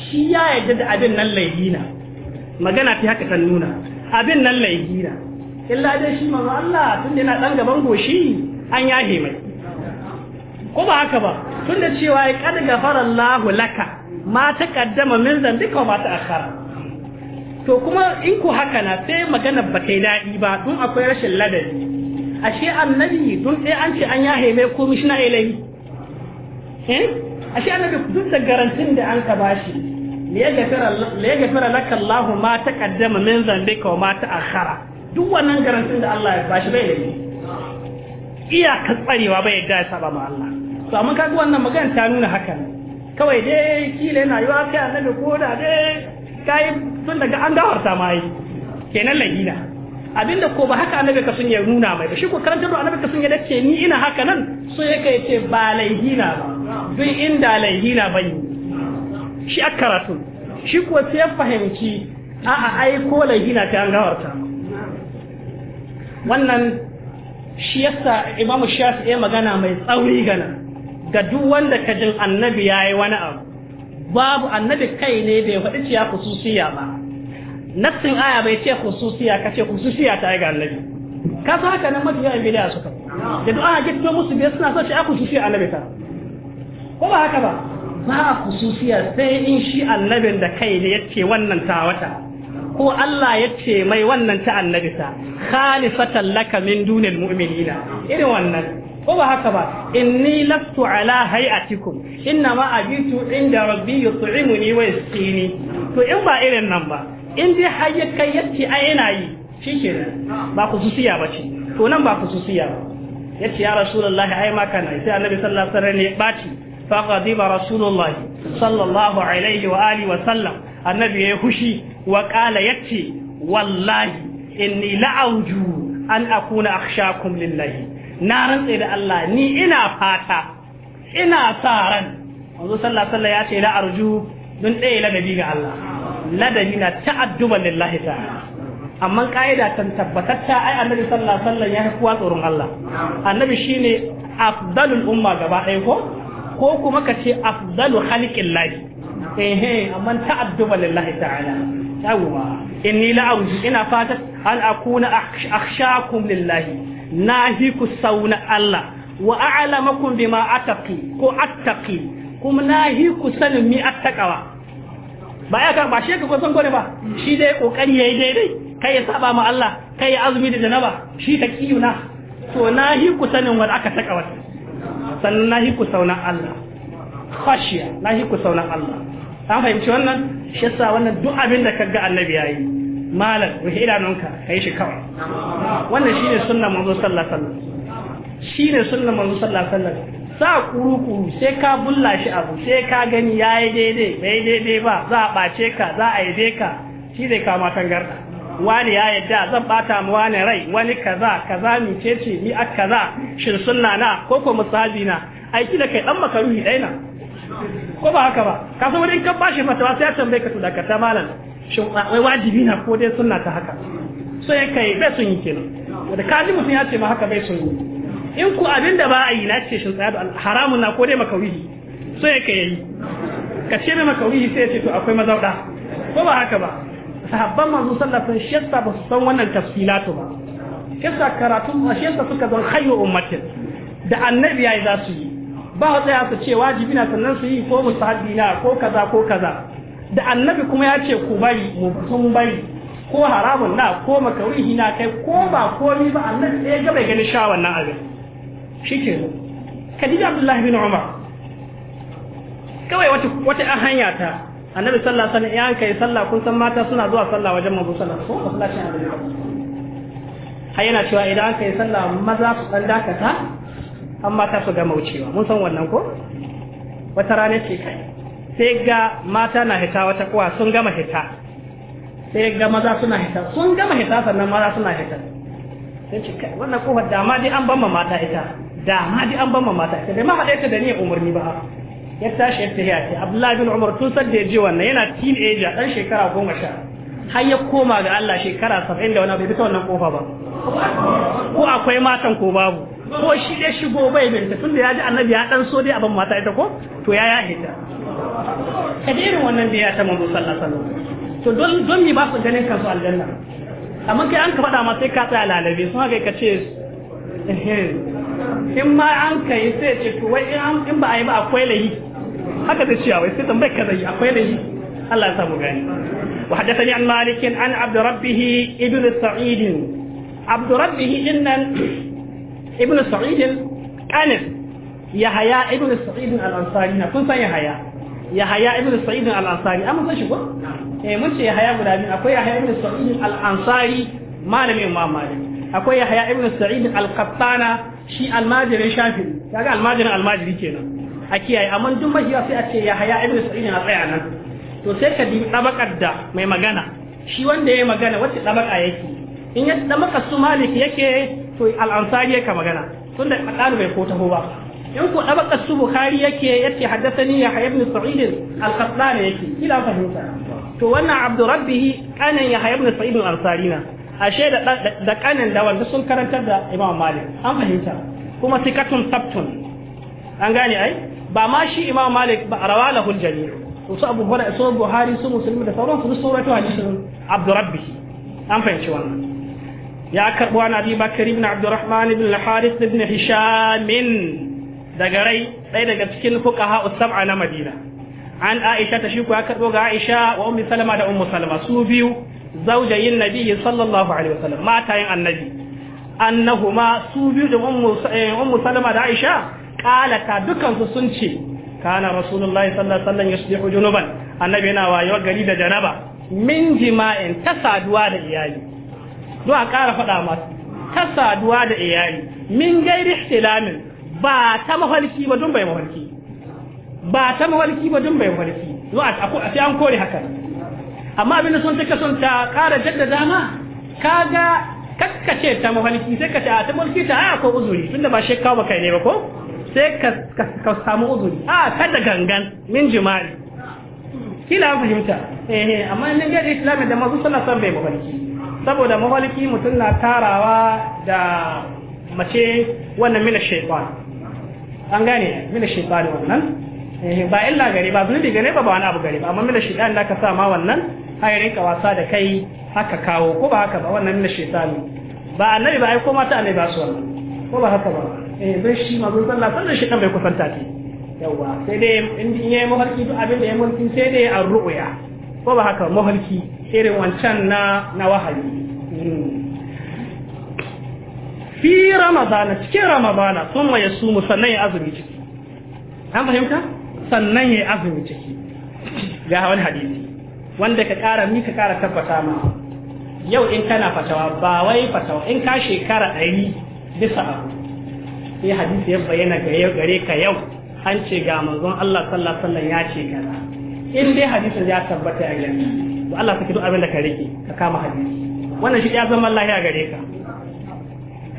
shi ya yadda da abin nan laihina magana ta haka ta nuna abin nan laihina illa dai shi manzo Allah tun da yana dan gaban goshi an yahe mai ko ba haka ba tun da cewa ya gafara Allah laka ma ta kaddama min zambika wa ma ta akhara to kuma in ku haka na sai magana ba kai dadi ba don akwai rashin ladabi ashe annabi don sai an ce an ya mai komai shi na ilahi eh ashe annabi duk da garantin da an ka bashi ya liyagafira laka Allah ma ta kaddama min zambika wa ma ta akhara duk wannan garantin da Allah ya bashi bai da iyaka tsarewa bai yadda ya saba ma Allah to amma kaga wannan magana ta nuna hakan kawai dai kila yana yiwa kai annabi ko da dai kai tun daga an dawar ma yi kenan lahina abinda ko ba haka annabi ka sun ya nuna mai ba. shi ko karanta da annabi ka sun ya dace ni ina haka nan so yake yace ba lahina ba duk inda lahina bai shi akaratu shi ko sai ya fahimci a a ai ko lahina ta an ta. wannan shi yasa imamu shafi'i magana mai tsauri ga nan. ga duk wanda ka jin annabi ya yi wani abu babu annabi kai ne bai faɗi ciya kususiya ba nassin aya bai ce kususiya ka ce kususiya ta yi ga annabi ka san haka nan mafi yawan bidiya suka da duk ana gitto musu biyar suna son shi a ah, kususiya annabi ta ko ba haka ba ba a kususiya sai in shi annabin da kai ne ya ce wannan ta wata ko Allah ya ce mai wannan ta annabi ta khalifatan laka min dunil mu'minina irin wannan ko ba haka ba inni lastu ala hay'atikum inna ma abitu inda rabbi yut'imuni wa yasqini to in ba irin nan ba in dai hayya kai yace ai ina yi shikenan ba kususiya bace to nan ba kususiya ba yace ya rasulullahi ai ma kana sai annabi sallallahu alaihi wasallam ne baci fa qadiba rasulullahi sallallahu alaihi wa alihi wa sallam annabi ya hushi wa qala yace wallahi inni la'awju an akuna akhshakum lillahi na rantse da Allah ni ina fata ina sa ran manzo sallallahu alaihi wasallam ya ce la arju dun ɗaya ladabi ga Allah ladabi na ta'adduba lillahi ta'ala amma kaida tan tabbatatta ai annabi sallallahu alaihi wasallam ya kuwa tsoron Allah annabi shine afdalul umma gaba ɗaya ko ko kuma ka ce afdalu khalqin lahi Ehe eh amma ta'adduba lillahi ta'ala yawwa inni la arju ina fata an akuna akhshakum lillahi nahiku sauna Allah wa a'lamakum bima ko attaqi mi attaqawa ba ya shi ka san gore ba shi dai kokari yayi daidai kai ya saba ma Allah kai ya azumi da janaba shi ka kiyuna to sanin aka takawa sannan sauna Allah khashiya nahiku sauna Allah an fahimci wannan shi yasa wannan duk abin da kaga annabi yayi malam rufe idanunka kai shi kawai wannan shine sunnar manzo sallallahu alaihi wasallam shine sunnar manzo sallallahu alaihi wasallam sa kuru kuru sai ka bulla shi abu sai ka gani yayi daidai bai daidai ba za a bace ka za a yabe ka shi zai kama tangarda wani ya yadda zan bata mu wani rai wani kaza kaza mi cece mi ak kaza shin sunna na ko ko musabi na aiki da kai dan makaruhi dai na ko ba haka ba ka so wani kan bashi mata sai ya tambaye ka to da ka ta malam shin wai wajibi na ko dai sunna ta haka so ya kai bai sun yi kenan wanda kaji mutum ya ce ma haka bai sun yi in ku abin da ba a yi na ce shin tsaya haramun na ko dai makawihi so ya kai yi ka ce mai makawihi sai ya ce to akwai mazauda? ko ba haka ba sahabban manzo sallallahu alaihi wasallam ba su san wannan tafsilatu ba kisa karatun a shiyasa suka zan hayo ummatin da annabi yi za su yi ba wa tsaya su ce wajibi na sannan su yi ko musu na ko kaza ko kaza da annabi kuma ya ce ku bari mu sun bari ko haramun na ko makaruhi na kai ko ba komi ba annabi ɗaya ga bai gani sha wannan abin shi ke kadija abdullahi bin umar kawai wata wata an hanya ta annabi sallah alaihi wasallam yan kai sallah kun san mata suna zuwa sallah wajen manzo sallah ko masallacin annabi har yana cewa idan an kai sallah maza su dan dakata an mata su ga maucewa mun san wannan ko wata rana ce kai sai ga mata na hita wata kuwa sun gama hita sai ga maza suna hita sun gama hita sannan maza suna hita sai ce kai wannan kofar da ma dai an ban mata ita da ma dai an ban mata ita da ma haɗa ita da niyyar umarni ba ya tashi ya tafiya ce Abdullahi bin Umar tun sadda ya je wannan yana teenager dan shekara goma sha har ya koma ga Allah shekara saba'in da wani bai bisa wannan kofa ba ko akwai matan ko babu ko shi dai shigo bai tun da ya ji annabi ya dan so dai a ban mata ita ko to ya ya hita ka irin wannan biya ta manzo sallallahu alaihi wasallam to don don mi ba su ganin kansu aljanna amma kai an ka faɗa ma sai ka tsaya lalabe sun haka ka ce in ma an kai sai ce to wai in ba a yi ba akwai lahi haka ta ciya wai sai tambayar ka zai akwai lahi Allah ya samu gani wa haddathani an malikin an abdu rabbih Ibn sa'id abdu rabbih innan Ibn sa'id kanis yahaya ibnu sa'id al-ansari na kun san yahaya yahaya ibn sa'id al-ansari amma san shi ko eh mun ce yahaya guda biyu akwai yahaya ibn sa'id al-ansari malamin imam malik akwai yahaya ibn sa'id al-qattana shi almajirin shafi kaga almajirin almajiri kenan a kiyaye amma duk mahiya sai a ce yahaya ibn sa'id na tsaya nan to sai ka dibi tabakar da mai magana shi wanda yayi magana wacce tabaka yake in ya tabaka su malik yake to al-ansari ya ka magana tunda ɗalibai ko taho ba in ku dabaqas su bukhari yake yace haddathani yahya ibn sa'id al-qattan yake ila fahimta to wannan abdurabbihi kanan ya ibn sa'id al-ansarina ashe da da kanan da wanda sun karantar da imam malik an fahimta kuma sikatun sabtun an gane ai ba ma shi imam malik ba rawalahu al-jami' su abu hura su buhari su musulmi da sauransu duk sauran ta hadisin abdurabbi an fahimci wannan ya karbo an abi bakr ibn abdurrahman ibn al-harith ibn hisham daga rai ɗaya daga cikin fuqaha usab'a na Madina an Aisha ta shi ku aka doga Aisha wa ummi Salama da ummu Salama su biyu zaujayin Nabi sallallahu alaihi wasallam matayen Annabi annahuma su biyu da ummu eh, Salama da Aisha qalata dukan su sun ce kana rasulullahi sallallahu alaihi wasallam yusbihu junuban annabi yana wayewa gari da janaba min jima'in ta saduwa da iyali do a ƙara faɗa masu, ta saduwa da iyali min gairi ihtilamin ba ta mafarki ba don bai mafarki ba ta mafarki ba don bai mafarki zuwa a sai an kore haka amma abinda sun suka son ta kara jadda dama kaga kakkace ta mafarki sai ka ce a ta mafarki ta aya ko uzuri tunda ba shekka ba kai ne ba ko sai ka samu uzuri a kada gangan min jima'i kila an fahimta eh amma nan ga islamin da mazu suna son bai mafarki saboda mafarki mutum na tarawa da mace wannan mina shaitan an gane mina shaytani wannan eh, ba illa gare ba zunubi gare ba ba wani abu gare ba amma mina shaytani da ka sa ma wannan hayarin rinka wasa da kai haka kawo ko ba haka ba wannan mina shaytani ba annabi ba ai ko mata annabi ba su wannan ko ba haka ba eh bai shi ma bai sallah sannan shi dan bai kusanta ki yawa sai dai in yayi mafarki duk abin da ya mulki sai dai an ru'ya ko ba haka mafarki irin wancan na na wahayi hmm. fi ramadana cikin ramadana sun ma ya sumu sannan ya azumi ciki an fahimta sannan ya azumi ciki ga wani hadisi wanda ka kara mi ka kara tabbata ma yau in kana fatawa ba wai fatawa in ka shekara ɗari bisa abu sai hadisi ya bayyana gare ka yau an ce ga manzon Allah sallallahu alaihi ya ce kaza in dai hadisin ya tabbata ya gani to Allah ka duk abin da ka rike ka kama hadisi wannan shi ya zama lahiya gare ka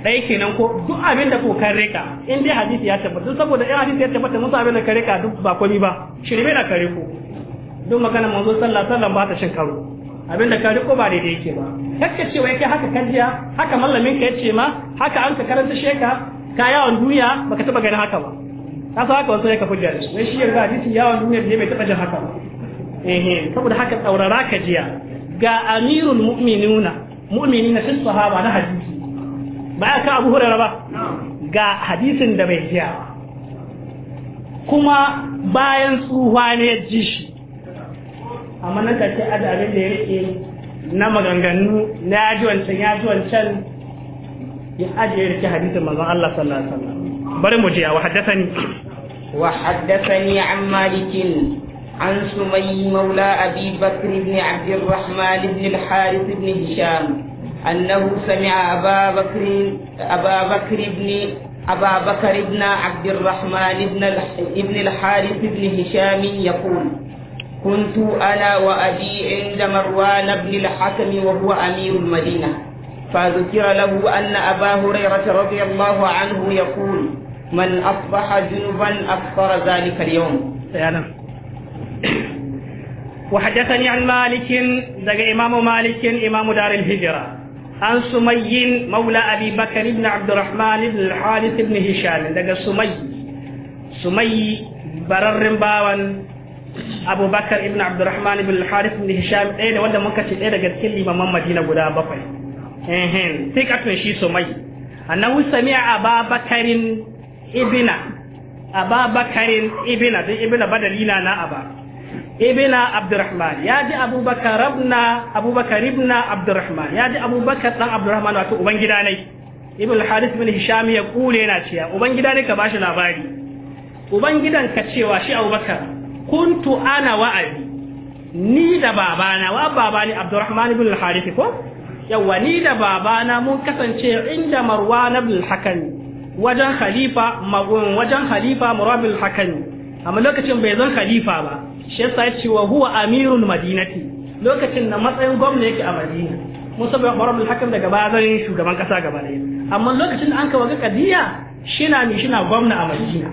dai kenan ko duk abin da ko kan reka in dai hadisi ya tabbata saboda in hadisi ya tabbata musu abin da ka reka duk ba komai ba shirme na kare ko don magana manzo sallallahu alaihi wasallam ba ta shin karo abin da ka riko ba daidai yake ba kakka cewa yake haka kajiya haka mallamin ka yace ma haka an ka karanta sheka ka yawon duniya baka taba ganin haka ba ka san haka wasu ya ka hujja shi wai shi yarda hadisi yawon duniya ne bai taba jin haka ba eh saboda haka tsaurara kajiya ga amirul mu'minuna mu'minina sun sahaba na hadisi ba ya abu hurara ba ga hadisin da bai jiya kuma bayan tsuhuwa ne ya ji shi amma nan take a abin da ya rike na maganganu na yaji wancan yaji wancan ya ajiye ya rike hadisin mazan Allah sallallahu alaihi wasallam bari mu jiya wa haddathani wa haddathani an malikin عن سمي مولى أبي بكر بن عبد الرحمن بن الحارث بن هشام أنه سمع أبا بكر أبا بكر بن أبا بكر بن عبد الرحمن بن ابن الحارث بن هشام يقول كنت أنا وأبي عند مروان بن الحكم وهو أمير المدينة فذكر له أن أبا هريرة رضي الله عنه يقول من أصبح جنبا أكثر ذلك اليوم فعلا وحدثني عن مالك دقى إمام مالك إمام دار الهجرة an sumayyin maula abi bakar ibn abdurrahman ibn daga sumayyi sumayyi bararren bawan abu ibn abdurrahman ibn al-halith ɗaya da muka ce ɗaya daga cikin limaman madina guda bakwai ehem shi sumayyi annahu sami'a aba bakarin ibina aba ibina don ibina badalina na aba ibn abdurrahman ya ji abubakar rabna abubakar ibn abdurrahman ya ji abubakar dan abdurrahman wato uban ne ibn al-harith bin hisham ya kule yana cewa uban ne ka bashi labari Ubangidan gidan ka cewa shi abubakar kuntu ana wa'azi ni da babana wa babani abdurrahman ibn al-harith ko yawa ni da babana mun kasance inda marwan ibn al-hakam wajen khalifa magun wajen khalifa murabbil hakami amma lokacin bai zan khalifa ba shi yasa yace wa huwa amirul madinati lokacin na matsayin gwamna yake a madina musa bai umar hakan daga baya zan shugaban kasa gaba ne amma lokacin da an kawo ga kadiya shina mi shina gwamna a madina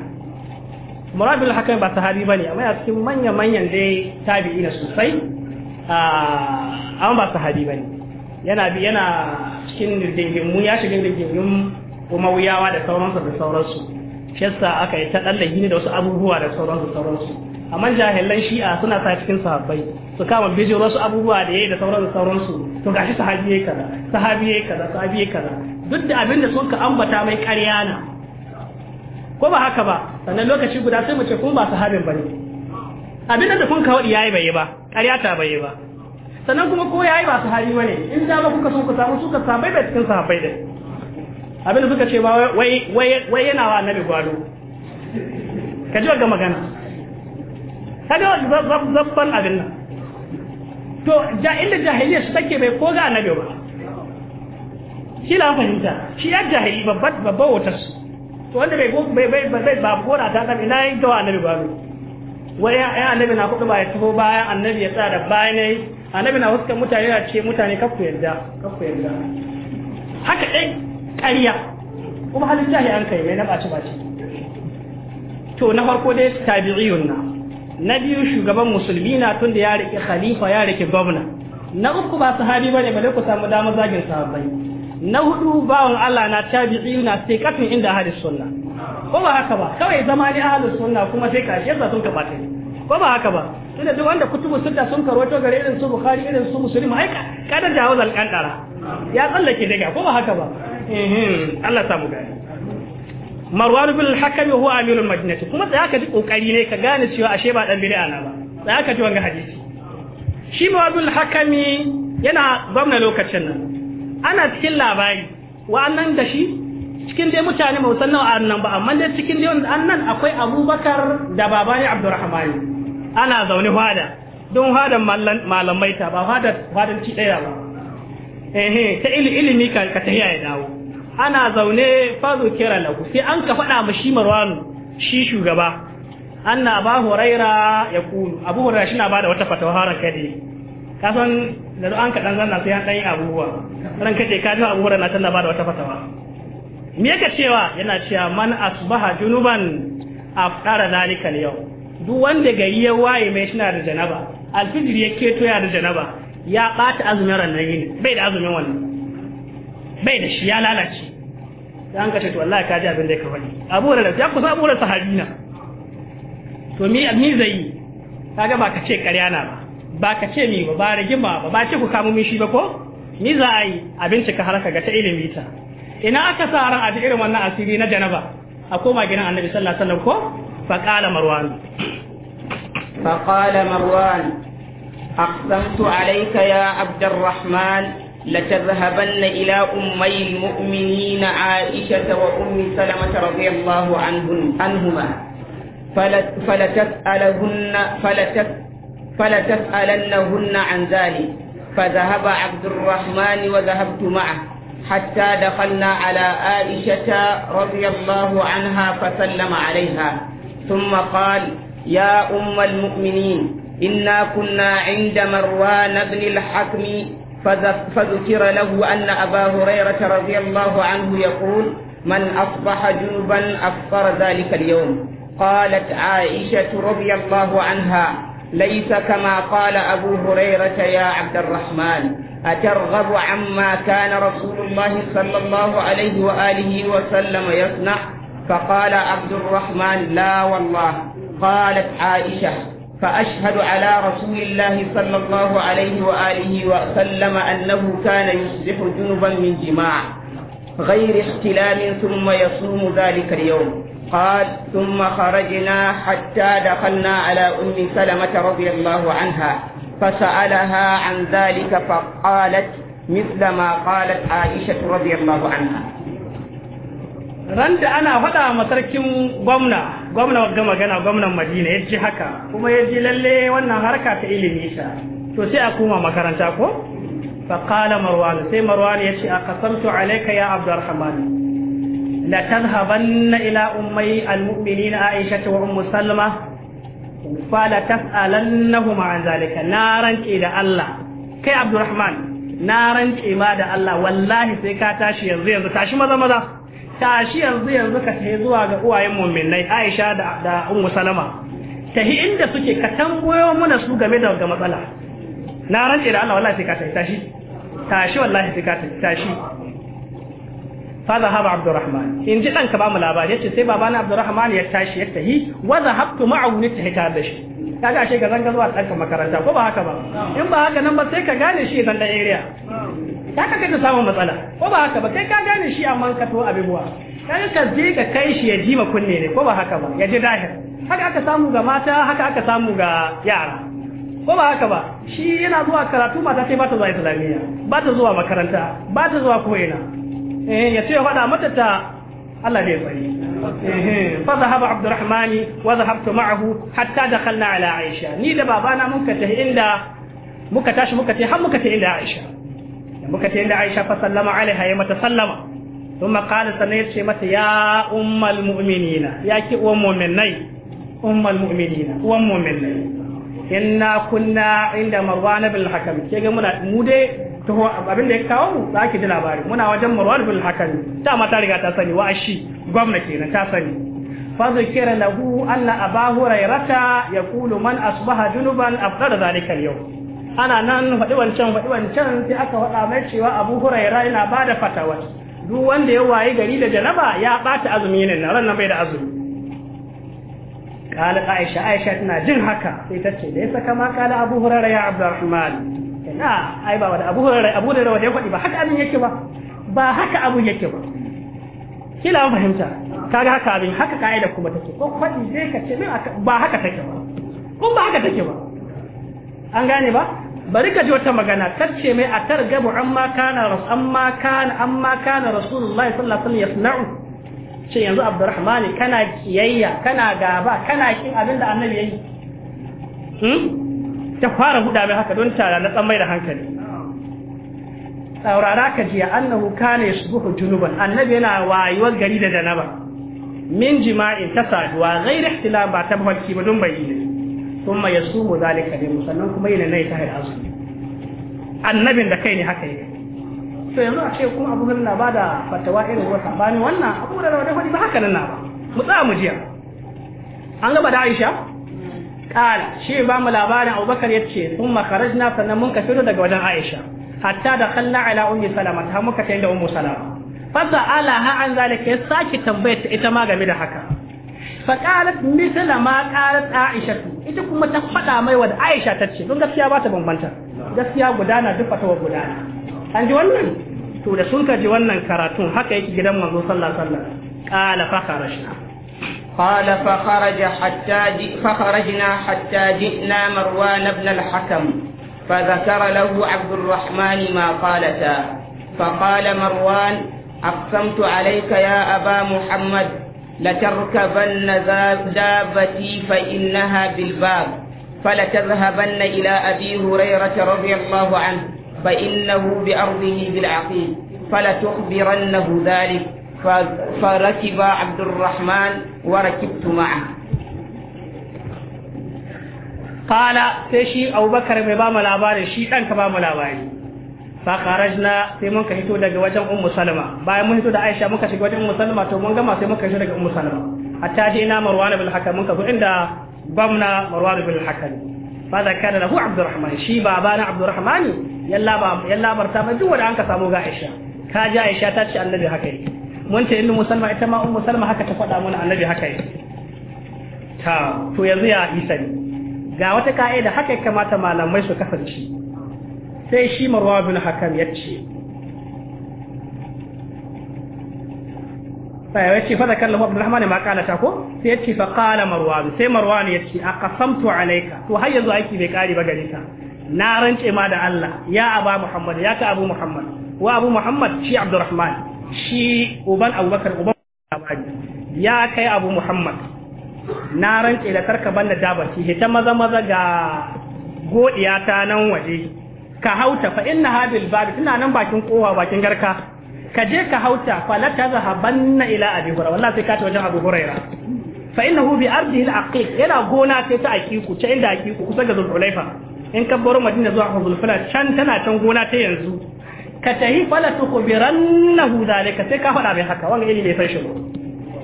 umar bin hakan ba sahabi bane amma ya cikin manyan manyan dai na sosai ah, amma ba sahabi bane yana bi yana cikin mu ya shiga mu umawiyawa da sauransu da sauransu shi aka yi ta dallaki ne da wasu abubuwa da sauransu sauransu amma jahilan shi'a suna sa cikin sahabbai su kama bijiro wasu abubuwa da yayi da sauransu sauransu to gashi sahabi yayi kaza sahabi yayi kaza sahabi yayi kaza duk da abin da suka ambata mai ƙarya na ko ba haka ba sannan lokaci guda sai mu ce kun ba sahabin bane abin da kun kawo yayi bai ba ƙarya ta bai ba sannan kuma ko yayi ba sahabi bane in da ba kuka so ku samu suka sahabbai bai cikin sahabbai dai abin da suka ce ba wai yana wa annabi gwado ka ji ga magana kaga zabban abin nan to inda jahiliya su take bai ko ga annabi ba shi la fahimta shi ya jahili babban wutar su to wanda bai bai bai bai ba gora ta kan ina yin gawa annabi gwado wai ya annabi na kudu ba ya taho bayan annabi ya tsara bayan ne annabi na wasu mutane ya ce mutane kakku yadda kakku yadda haka ɗai ƙarya kuma halin jahi an kai mai na ɓaci ɓaci to na farko dai tabi'iyun na na biyu shugaban musulmi na tun da ya riƙe khalifa ya riƙe gwamna na uku ba su ba ne bale ku samu damar zagin sahabbai na hudu bawan Allah na tabi'iyun na sai katin inda hadis sunna ko ba haka ba kawai zama ne ahli sunna kuma sai ka za sun ka bata ko ba haka ba tunda duk wanda kutubu sunna sun karwato gare irin su bukhari irin su muslim ai kadar jawaz al-qandara ya tsallake daga ko ba haka ba Mhm. Allah samu gani bin huwa amirul Madinati kuma sai aka ji kokari ne ka gane cewa ashe ba dan bid'a na ba sai aka ji wanga hadisi shi Marwanu bin yana gwamna lokacin nan ana cikin labari Wa annan da shi cikin dai mutane musanna sannan annan ba amma dai cikin dai annan akwai Abubakar da babani Abdurrahman ana zaune fada don fadan malamai ta ba fadan fadan ci daya ba eh ta ilimi ka ka tahiya ya dawo ana zaune fazo kira lahu sai an ka faɗa ma shi marwanu shi shugaba anna abu huraira ya kulu abu huraira shi na bada wata fatawa har kade ka san da an ka dan zanna sai an dan yi abubuwa ran kace ka ji abu huraira tana bada wata fatawa me yake cewa yana cewa man asbaha junuban afdara zalika al-yawm duk wanda gari ya waye mai shi na da janaba alfijir ya keto ya da janaba ya bata azumin ranar yini bai da azumin wannan bai da shi ya lalace da an kace to wallahi ka ji abin da ka faɗi abu hurairah ya kusa abu hurairah sahabi na to mi mi zai kaga ba ka ce ƙarya na ba ba ka ce mi ba ba rigima ba ba ce ku kamo min shi ba ko ni za a yi abin cika haraka ga ta ilimi ta ina aka sa ran abin irin wannan asiri na janaba a koma gidan annabi sallallahu alaihi wasallam ko fa qala marwan fa qala marwan aqsamtu alayka ya abdurrahman لتذهبن إلى أمي المؤمنين عائشة وأم سلمة رضي الله عنهن عنهما فلتسألهن فلتس فلتسألنهن عن ذلك فذهب عبد الرحمن وذهبت معه حتى دخلنا على عائشة رضي الله عنها فسلم عليها ثم قال يا أم المؤمنين إنا كنا عند مروان بن الحكم فذكر له أن أبا هريرة رضي الله عنه يقول من أصبح جنبا أفطر ذلك اليوم قالت عائشة رضي الله عنها ليس كما قال أبو هريرة يا عبد الرحمن أترغب عما كان رسول الله صلى الله عليه وآله وسلم يصنع فقال عبد الرحمن لا والله قالت عائشة فأشهد على رسول الله صلى الله عليه وآله وسلم أنه كان يصبح جنبا من جماع غير احتلام ثم يصوم ذلك اليوم قال ثم خرجنا حتى دخلنا على أم سلمة رضي الله عنها فسألها عن ذلك فقالت مثل ما قالت عائشة رضي الله عنها ran da ana faɗa ma sarkin gwamna gwamna ga magana gwamnan madina ya ji haka kuma ya ji lalle wannan harka ta ilimi ta to sai a koma makaranta ko faƙala marwan sai marwan ya ce a kasamtu alaika ya abdurrahman la tadhhabanna ila ummai almu'minina aisha wa ummu salma fala tas'alannahuma an zalika na rance da Allah kai abdurrahman na rance ma da Allah wallahi sai ka tashi yanzu yanzu tashi maza maza tashi yanzu yanzu ka tafi zuwa ga uwayen mu'minai Aisha da da Ummu Salama tahi inda suke ka tambayo muna su game da ga matsala na rance da Allah wallahi sai ka tafi tashi tashi wallahi sai ka tafi tashi fa zahaba Abdurrahman in ji dan ka ba mu labari yace sai babana Abdurrahman ya tashi ya tahi wa zahabtu ma'ahu ni tahi ta da shi kaga ashe ga zanga zuwa dan makaranta ko ba haka ba in ba haka nan ba sai ka gane shi dan da area za ka ta samun matsala ko ba haka ba kai ka gane shi amma ka to abubuwa kai ka je ka kai shi ya ji ma kunne ne ko ba haka ba ya ji dahir haka aka samu ga mata haka aka samu ga yara ko ba haka ba shi yana zuwa karatu mata sai ba ta zuwa islamiyya ba ta zuwa makaranta ba ta zuwa ina eh ya ce ya faɗa mata ta Allah bai tsari. Eh, fa zahaba Abdurrahmani wa zahabtu ma'ahu hatta dakhalna ala Aisha. Ni da babana mun ka tafi inda muka tashi muka tafi har muka tafi inda Aisha. muka da Aisha fa sallama alaiha ya mata sallama thumma qala sanai ya ce mata ya ummal mu'minina ya ki uwan mu'minai ummal mu'minina uwan mu'minai inna kunna inda marwana bil hakam ke ga muna mu taho abin da ya kawo mu za ki ji labari muna wajen marwan bil hakam ta mata riga ta sani wa ashi gwamnati kenan ta sani fa zikira lahu anna abahu ya kulu man asbaha junuban afdara zalika al yawm ana nan faɗi wancan faɗi wancan sai aka faɗa mai cewa abu huraira yana ba da fatawa duk wanda ya wayi gari da janaba ya ɓata azumi ne na ran nan bai da azumi kala aisha aisha tana jin haka sai ta ce da ya saka ma kala abu huraira ya abdurrahman ina ai ba wanda abu huraira abu da wanda ya faɗi ba haka abin yake ba ba haka abu yake ba kila fahimta kaga haka abin haka ka'ida kuma take ko faɗi zai ka ce ba haka take ba Kun ba haka take ba an gane ba bari ka ji wata magana ce mai a gabu amma kana rasu amma kana amma kana rasulullahi sallallahu alaihi wasallam yasna'u ce yanzu abdurrahmani kana kiyayya kana gaba kana kin abin da annabi yayi hmm ta fara guda mai haka don tara na tsamai da hankali saurara ka ji annahu kana yasbuhu junuban annabi yana wayuwar gari da janaba min jima'in ta saduwa gairi ihtilam ba ta mafarki ba don bai yi ne ثم يصوم ذلك اليوم sannan kuma yana nayi ta hayar azumi annabin da kai ne haka yake to yanzu a ce kuma abu na bada da fatawa irin wata bani wannan abu da da wani ba haka nan na ba mu tsaya mu jiya an gaba da Aisha kala shi ba mu labarin Abubakar ya ce sun makarajna sannan mun ka fito daga wajen Aisha hatta da kalla ala ummi salama ta muka tayi da ummu salama fa ala ha an zalika ya saki tambayar ita ma game da haka faƙarar misala ma ƙarar aishatu ita kuma ta faɗa mai wa da aisha ta ce don gaskiya ba ta bambanta gaskiya gudana duk fatawa gudana an ji wannan to da sun kaji wannan karatun haka yake gidan manzo sallallahu alaihi wasallam qala fa kharajna qala fa kharaja hatta fa kharajna hatta ji'na marwan ibn al-hakam fa dhakara lahu abd al-rahman ma qalata fa qala marwan aqsamtu alayka ya aba muhammad لتركبن دابتي فإنها بالباب فلتذهبن إلى أبي هريرة رضي الله عنه فإنه بأرضه بالعقيل فلتخبرنه ذلك فركب عبد الرحمن وركبت معه قال sai shi abubakar mai ba mu labarin shi ɗanka ba mu labari fa kharajna sai mun ka hito daga wajen ummu salama bayan mun hito da aisha muka shiga wajen ummu salama to mun gama sai muka hito daga ummu salama hatta dai ina marwan bil hakam mun ka zo inda gwamna marwan bil hakam fa da kana lahu abdurrahman shi baba na abdurrahman yalla ba yalla barta ba duk an ka samu ga aisha ka ji aisha ta ce annabi haka yi mun ce ummu salama ita ma ummu salama haka ta faɗa mana annabi haka yi ta to yanzu ya isa ga wata ka'ida haka kamata malamai su kasance sai shi marwa bin hakan ya ce sai ya ce fada kallon abin ne ma kala ta ko sai ya ce fa kala marwa sai marwa ya ce a kasamtu alaika to har yanzu aiki bai kare ba gare ka na rance ma da Allah ya aba muhammad ya ka abu muhammad wa abu muhammad shi abdurrahman shi uban Abu Bakar, uban abu ya kai abu muhammad na rance da karka banda dabaci hita maza maza ga godiya ta nan waje ka hauta fa inna hadil babi ina nan bakin kowa bakin garka ka je ka hauta fa la tazhabanna ila abi hurairah wallahi sai ka ta wajen abu hurairah fa innahu bi ardihi al-aqiq yana gona sai ta aqiqu ta inda aqiqu kusa ga zulhulaifa in ka bar madina zuwa zulhulaifa can tana can gona ta yanzu ka tahi fala tukhbirannahu zalika sai ka fada mai haka wanga ilimi ne san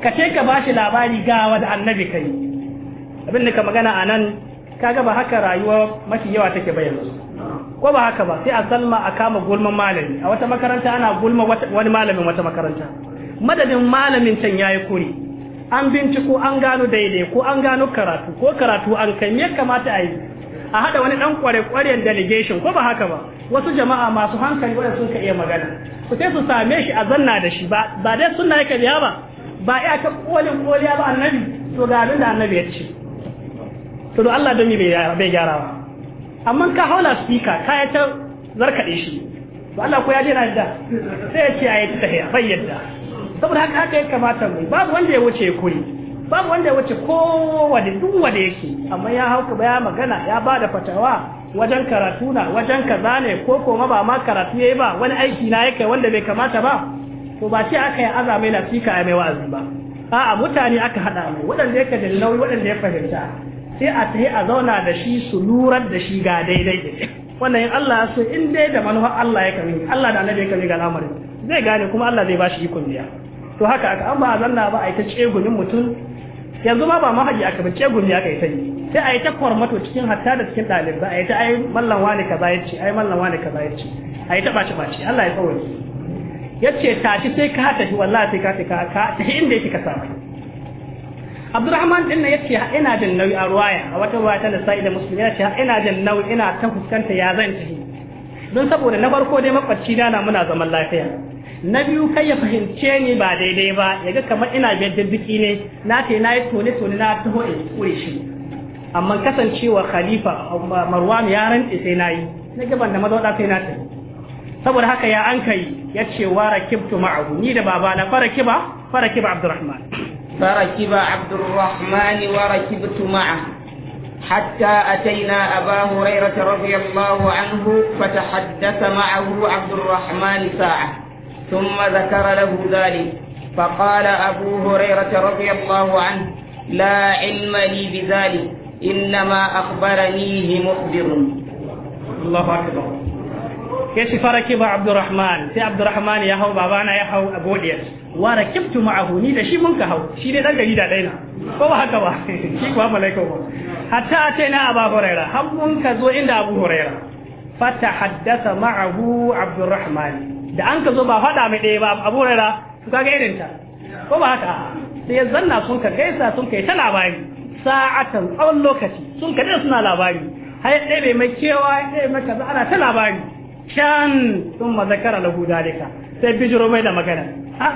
ka ce ka bashi labari ga wanda annabi kai abin da ka magana anan kaga ba haka rayuwa mafi yawa take bayyana ko ba haka ba sai a salma a kama gulman malami a wata makaranta ana gulma wani malamin wata makaranta madadin malamin can yayi kuri an binciko an gano daidai ko an gano karatu ko karatu an kan ya kamata a yi a hada wani dan kware-kwaren delegation ko ba haka ba wasu jama'a masu hankali wanda sun ka iya magana ku sai su same shi a zanna da shi ba ba dai sunna yake biya ba ba iya ta kolin koliya ba annabi to ga abin da annabi ya ce to Allah don bai gyara ba amma ka haula speaker ka ya ta zarkade shi to Allah ko ya dena da sai ya ce ayi ta bai yadda saboda haka haka ya kamata mu babu wanda ya wuce kuri babu wanda ya wuce kowane duk wanda yake amma ya hauka ya magana ya ba da fatawa wajen karatu na wajen kaza ne ko koma ba ma karatu yayi ba wani aiki na yake wanda bai kamata ba to ba ce aka yi azamai na fika mai wa'azi ba a'a mutane aka hada mai waɗanda yake da nauyi waɗanda ya fahimta sai a tahi a zauna da shi su lura da shi ga daidai wannan in Allah so in dai da manufar Allah ya kami Allah da annabi ya kami ga lamarin zai gane kuma Allah zai bashi ikon biya to haka aka an ba zanna ba a ita cegunin mutum yanzu ma ba mahaji aka ba cegun aka yi ta yi sai a yi ta kwarmato cikin hatta da cikin ɗalibai a yi ta ai mallan wani kaza ya ce ai mallan wani kaza ya ce a yi ta ɓaci ɓaci Allah ya tsawaye ya ce tashi sai ka tafi wallahi sai ka tafi ka tafi inda yake ka samu Abdurrahman din ne ce ina jin nauyi a ruwaya a wata ruwaya ta nisai da Muslim yace ina jin nauyi ina ta fuskanta ya zan tafi don saboda na farko dai makwacci da na muna zaman lafiya na biyu kai ya fahimce ni ba daidai ba ya ga kamar ina biyar diddiki ne na ce na yi tone tone na taho in kure shi amma kasancewa khalifa Marwan ya rantse sai na yi na gaban da mazauɗa sai na tafi saboda haka ya an kai ya ce wa rakibtu ma'ahu ni da babana fara kiba fara kiba Abdurrahman فركب عبد الرحمن وركبت معه حتى أتينا أبا هريرة رضي الله عنه فتحدث معه عبد الرحمن ساعة ثم ذكر له ذلك فقال أبو هريرة رضي الله عنه لا علم لي بذلك إنما أخبرنيه مخبر الله أكبر ya ci faraki ba abdurrahman sai abdurrahman ya hau babana ya hau a godiya wa rakibtu ma'ahu ni da shi mun ka hau shi dai dan gari da daina ko ba haka ba <laughs> shi kuwa malaika ba hatta a ce na abu huraira har mun ka zo inda abu huraira fata haddasa ma'ahu abdurrahman da an ka zo ba faɗa mai ɗaya ba abu huraira su kaga irin ta ko ba haka sai ya zanna sun ka gaisa sun kai ta labari sa'atan tsawon lokaci sun ka suna labari har ɗaya mai kewa ɗaya mai kaza ana ta labari shan sun mazakara lahu dalika sai bijiro mai da magana ha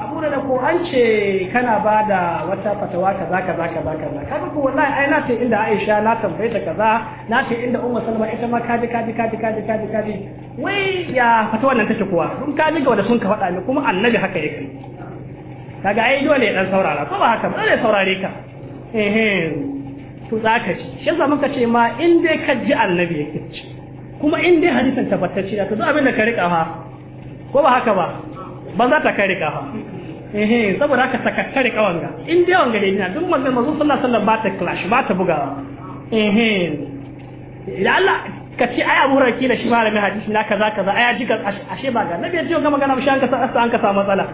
abu da ko an ce kana ba da wata fatawa kaza kaza kaza kaza kaga ko wallahi ai na ce inda Aisha na tambaye kaza na ce inda Ummu Salma ita ma kaji kaji wai ya fatawa nan take kuwa dun kaji ga wanda sun ka faɗa ni kuma annabi haka yake kaga ai dole ya dan saurara ko ba haka ba dole ka za ka muka ce ma in dai ka ji annabi yake kuma in dai hadisin tabbatacce da to duk abin da ka rika ha? ko ba haka ba ba za ta ka rika fa eh saboda haka sakakkar rika wanga in dai wanga dai na duk manzon manzon sallallahu alaihi wasallam ba ta clash ba ta buga eh da Allah ka ce ai Abu Hurairah kila shi malamin hadisi na kaza kaza ai ji ashe ba ga nabi ya ji ga magana ba shi an ka an ka sa matsala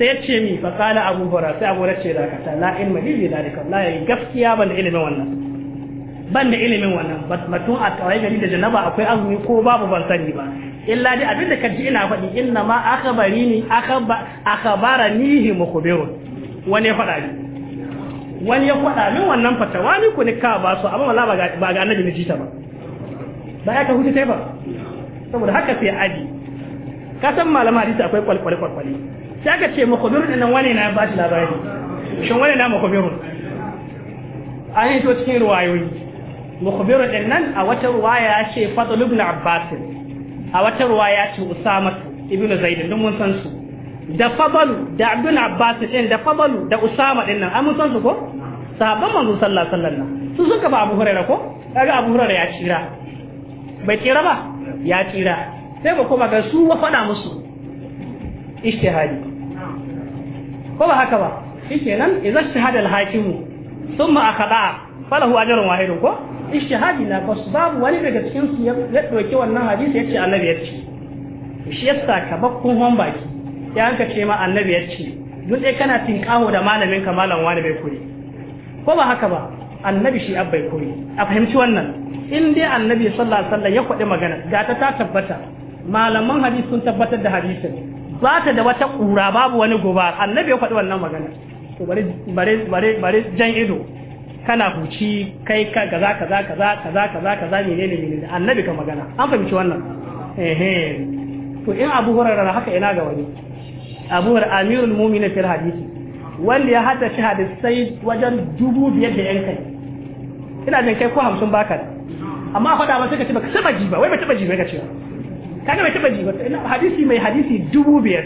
sai ya ce mi fa qala Abu Hurairah sai Abu Hurairah ce da ka ta la ilma li bi dalika la gaskiya ban ilimin wannan ban da ilimin wannan batun a kawai gari da janaba akwai azumi ko babu ban sani ba illa dai abin da kaji ina faɗi inna ma akhbari ni akhbara nihi mukhbirun wani ya faɗa ni wani ya faɗa min wannan fatawa ni ku ka ba su amma wala ba ga annabi ji ta ba ba ya ka huce sai ba saboda haka sai aji ka san malama hadisi akwai kwalkwali kwalkwali sai aka ce mukhbirun din nan wani na ba shi labari shin wani na mukhbirun an yi to cikin ruwayoyi mukhbiru din nan a wata ruwaya ya ce fadl ibn abbas a wata ruwaya ce usama ibn zaid din mun san su da fadl da ibn abbas din da fadl da usama din nan an san su ko sahabban manzo sallallahu alaihi wasallam su suka ba abu hurairah ko kaga abu hurairah ya tsira bai tsira ba ya tsira sai ba kuma ga su wa fada musu ijtihadi ko ba haka ba shikenan idza ijtihada al-hakimu thumma akhada falahu ajrun wahidun ko ishtihadi na basu babu wani daga cikin su ya dauki wannan hadisi yace annabi ya ce shi yasa ka bakkun hon baki ya hanka ce ma annabi ya ce duk dai kana tinkaho da malamin ka malam wani bai kuri ko ba haka ba annabi shi abbai kuri a fahimci wannan in dai annabi sallallahu alaihi wasallam ya kwadi magana ga ta ta tabbata malaman hadisi sun tabbatar da hadisin ba ta da wata kura babu wani gobar annabi ya kwadi wannan magana to bare bare bare jan ido kana huci kai ka kaza kaza kaza kaza kaza kaza ne ne annabi ka magana an fahimci wannan eh to in Abu Hurairah haka ina ga wani Abu Hurairah Amirul Mu'minin fil hadisi wanda ya hada shi hadisai wajen dubu biyar da yan kai ina jin kai ko hamsin baka da amma faɗa ba sai ka ce ka taɓa ji ba wai ba taɓa ji ba ka ce ga bai taɓa ji ba ina hadisi mai hadisi dubu biyar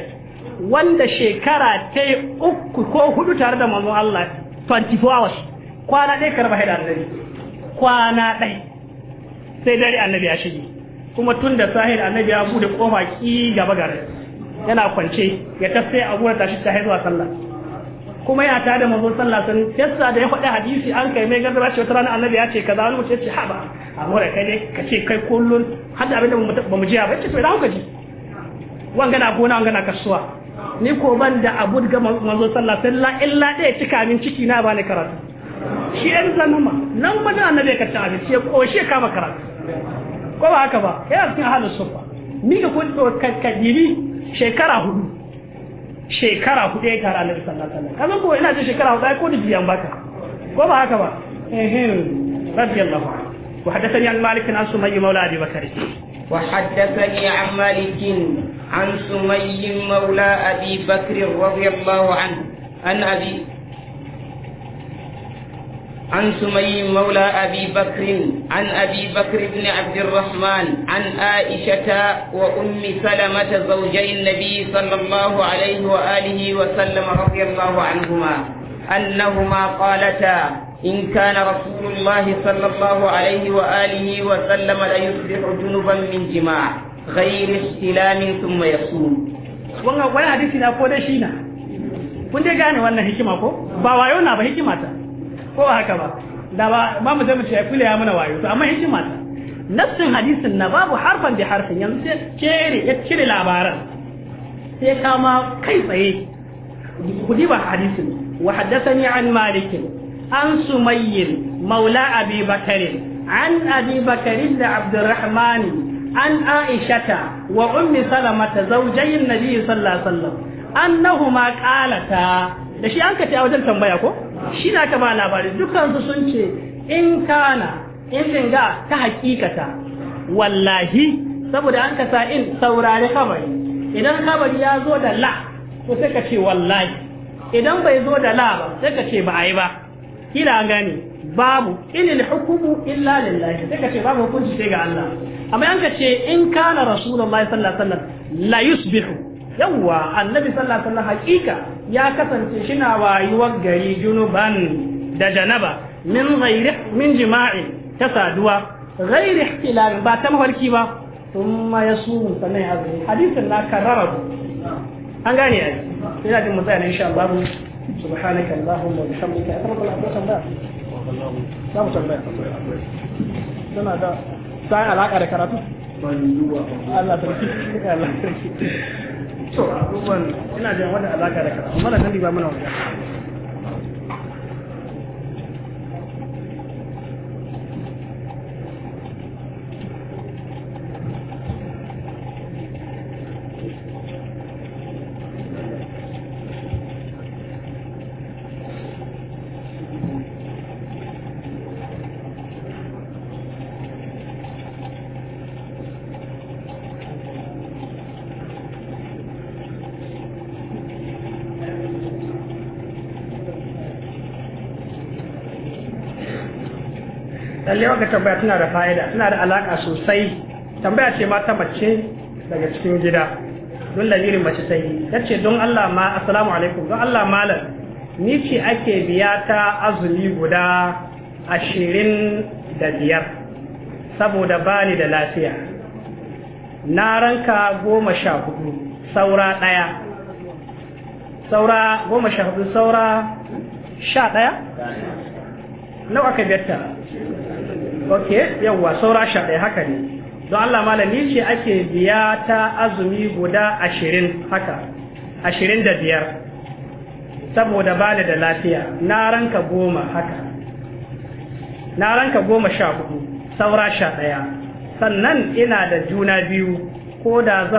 wanda shekara ta uku ko hudu tare da manzon Allah 24 hours kwana ɗaya ka raba da annabi kwana ɗaya sai dare annabi ya shige kuma tun da sahil annabi ya bude kofa ki gaba gare yana kwance ya tafsai a gura tashi ta haizuwa sallah kuma ya tada manzon sallah sun yasa da ya faɗi hadisi an kai mai gazara ce wata rana annabi ya ce kaza wani mutum ya ce ha ba a da kai ne ka ce kai kullun hada abin da ba mu jiya ba ce to idan kuka ji gana gona gana kasuwa ni ko ban da abu ga manzon sallah sallah illa ɗaya cika min ciki na ba ni karatu shi ‘yan zanama nan mana na zai kacce abinci shi ƙoshe kama karatu ko ba haka ba yana cikin halin sufa ni da kun ka kakkadiri shekara hudu shekara hudu ya kara alaihi sallallahu alaihi wasallam kaza ko ina ji shekara hudu ko da biyan baka ko ba haka ba eh eh radiyallahu anhu wa hadathani an malik an sumay maula abi bakr wa hadathani an malik an sumay maula abi bakr radiyallahu anhu an abi عن سمي مولى أبي بكر عن أبي بكر بن عبد الرحمن عن عائشة وأم سلمة زوجي النبي صلى الله عليه وآله وسلم رضي الله عنهما أنهما قالتا إن كان رسول الله صلى الله عليه وآله وسلم ليصبح جنبا من جماع غير استلام ثم يصوم wannan hadisi na ko da shi na kun dai gane wannan hikima ko ba wayo na ba hikima ta ko haka ba da ba ba mu zama cewa kula ya mana wayo to amma hikima ta nassin hadisin na babu harfan da harfin yanzu sai cire ya cire labaran sai kama kai tsaye kudi ba hadisin wa haddathani an malik an sumayyin maula abi bakr an abi bakr da abdurrahman عن عائشة وأم سلمة زوجي النبي صلى الله عليه وسلم أنهما قالتا da shi an ka a wajen tambaya ko shi na ka ba labari dukansu sun ce in kana in ga ta hakikata wallahi saboda an kasa in saurari kabari idan kabari ya zo da la ko sai ka ce wallahi idan bai zo da la ba sai ka ce ba a yi ba kila gani babu ilil hukumu illa lillahi sai ka ce babu hukunci sai ga Allah amma an ka ce in kana rasulullahi sallallahu alaihi wasallam la yusbihu yawa annabi sallallahu alaihi wasallam hakika ya kasance shi na wayuwar gari junuban da janaba min ghairi min jima'i ta saduwa ghairi ihtilal ba ta mafarki ba thumma yasum sanai azumi hadisin na karara an gane ai ina jin mutane insha Allah subhanaka allahumma wa bihamdika atamma al abda ba za mu tambaya tana da sai alaka da karatu Allah sarki Allah sarki to abubuwan ina jin wata alaka da karatu mana nan ba muna wani lalle ga tambaya tana da fa'ida tana da alaka sosai tambaya ce mata mace daga cikin gida don lamirin mace sai ta ce don Allah ma assalamu alaikum don Allah malam ni ce ake biya ta azumi guda ashirin da biyar saboda bani da lafiya na ranka goma sha hudu saura ɗaya saura goma sha hudu saura sha ɗaya nawa biyar biyarta ok yawwa saura sha ɗaya haka ne don Allah malami ce ake biya ta azumi guda ashirin haka ashirin da biyar saboda bani da lafiya na ranka goma haka na ranka goma sha hudu saura sha ɗaya sannan ina da juna biyu ko da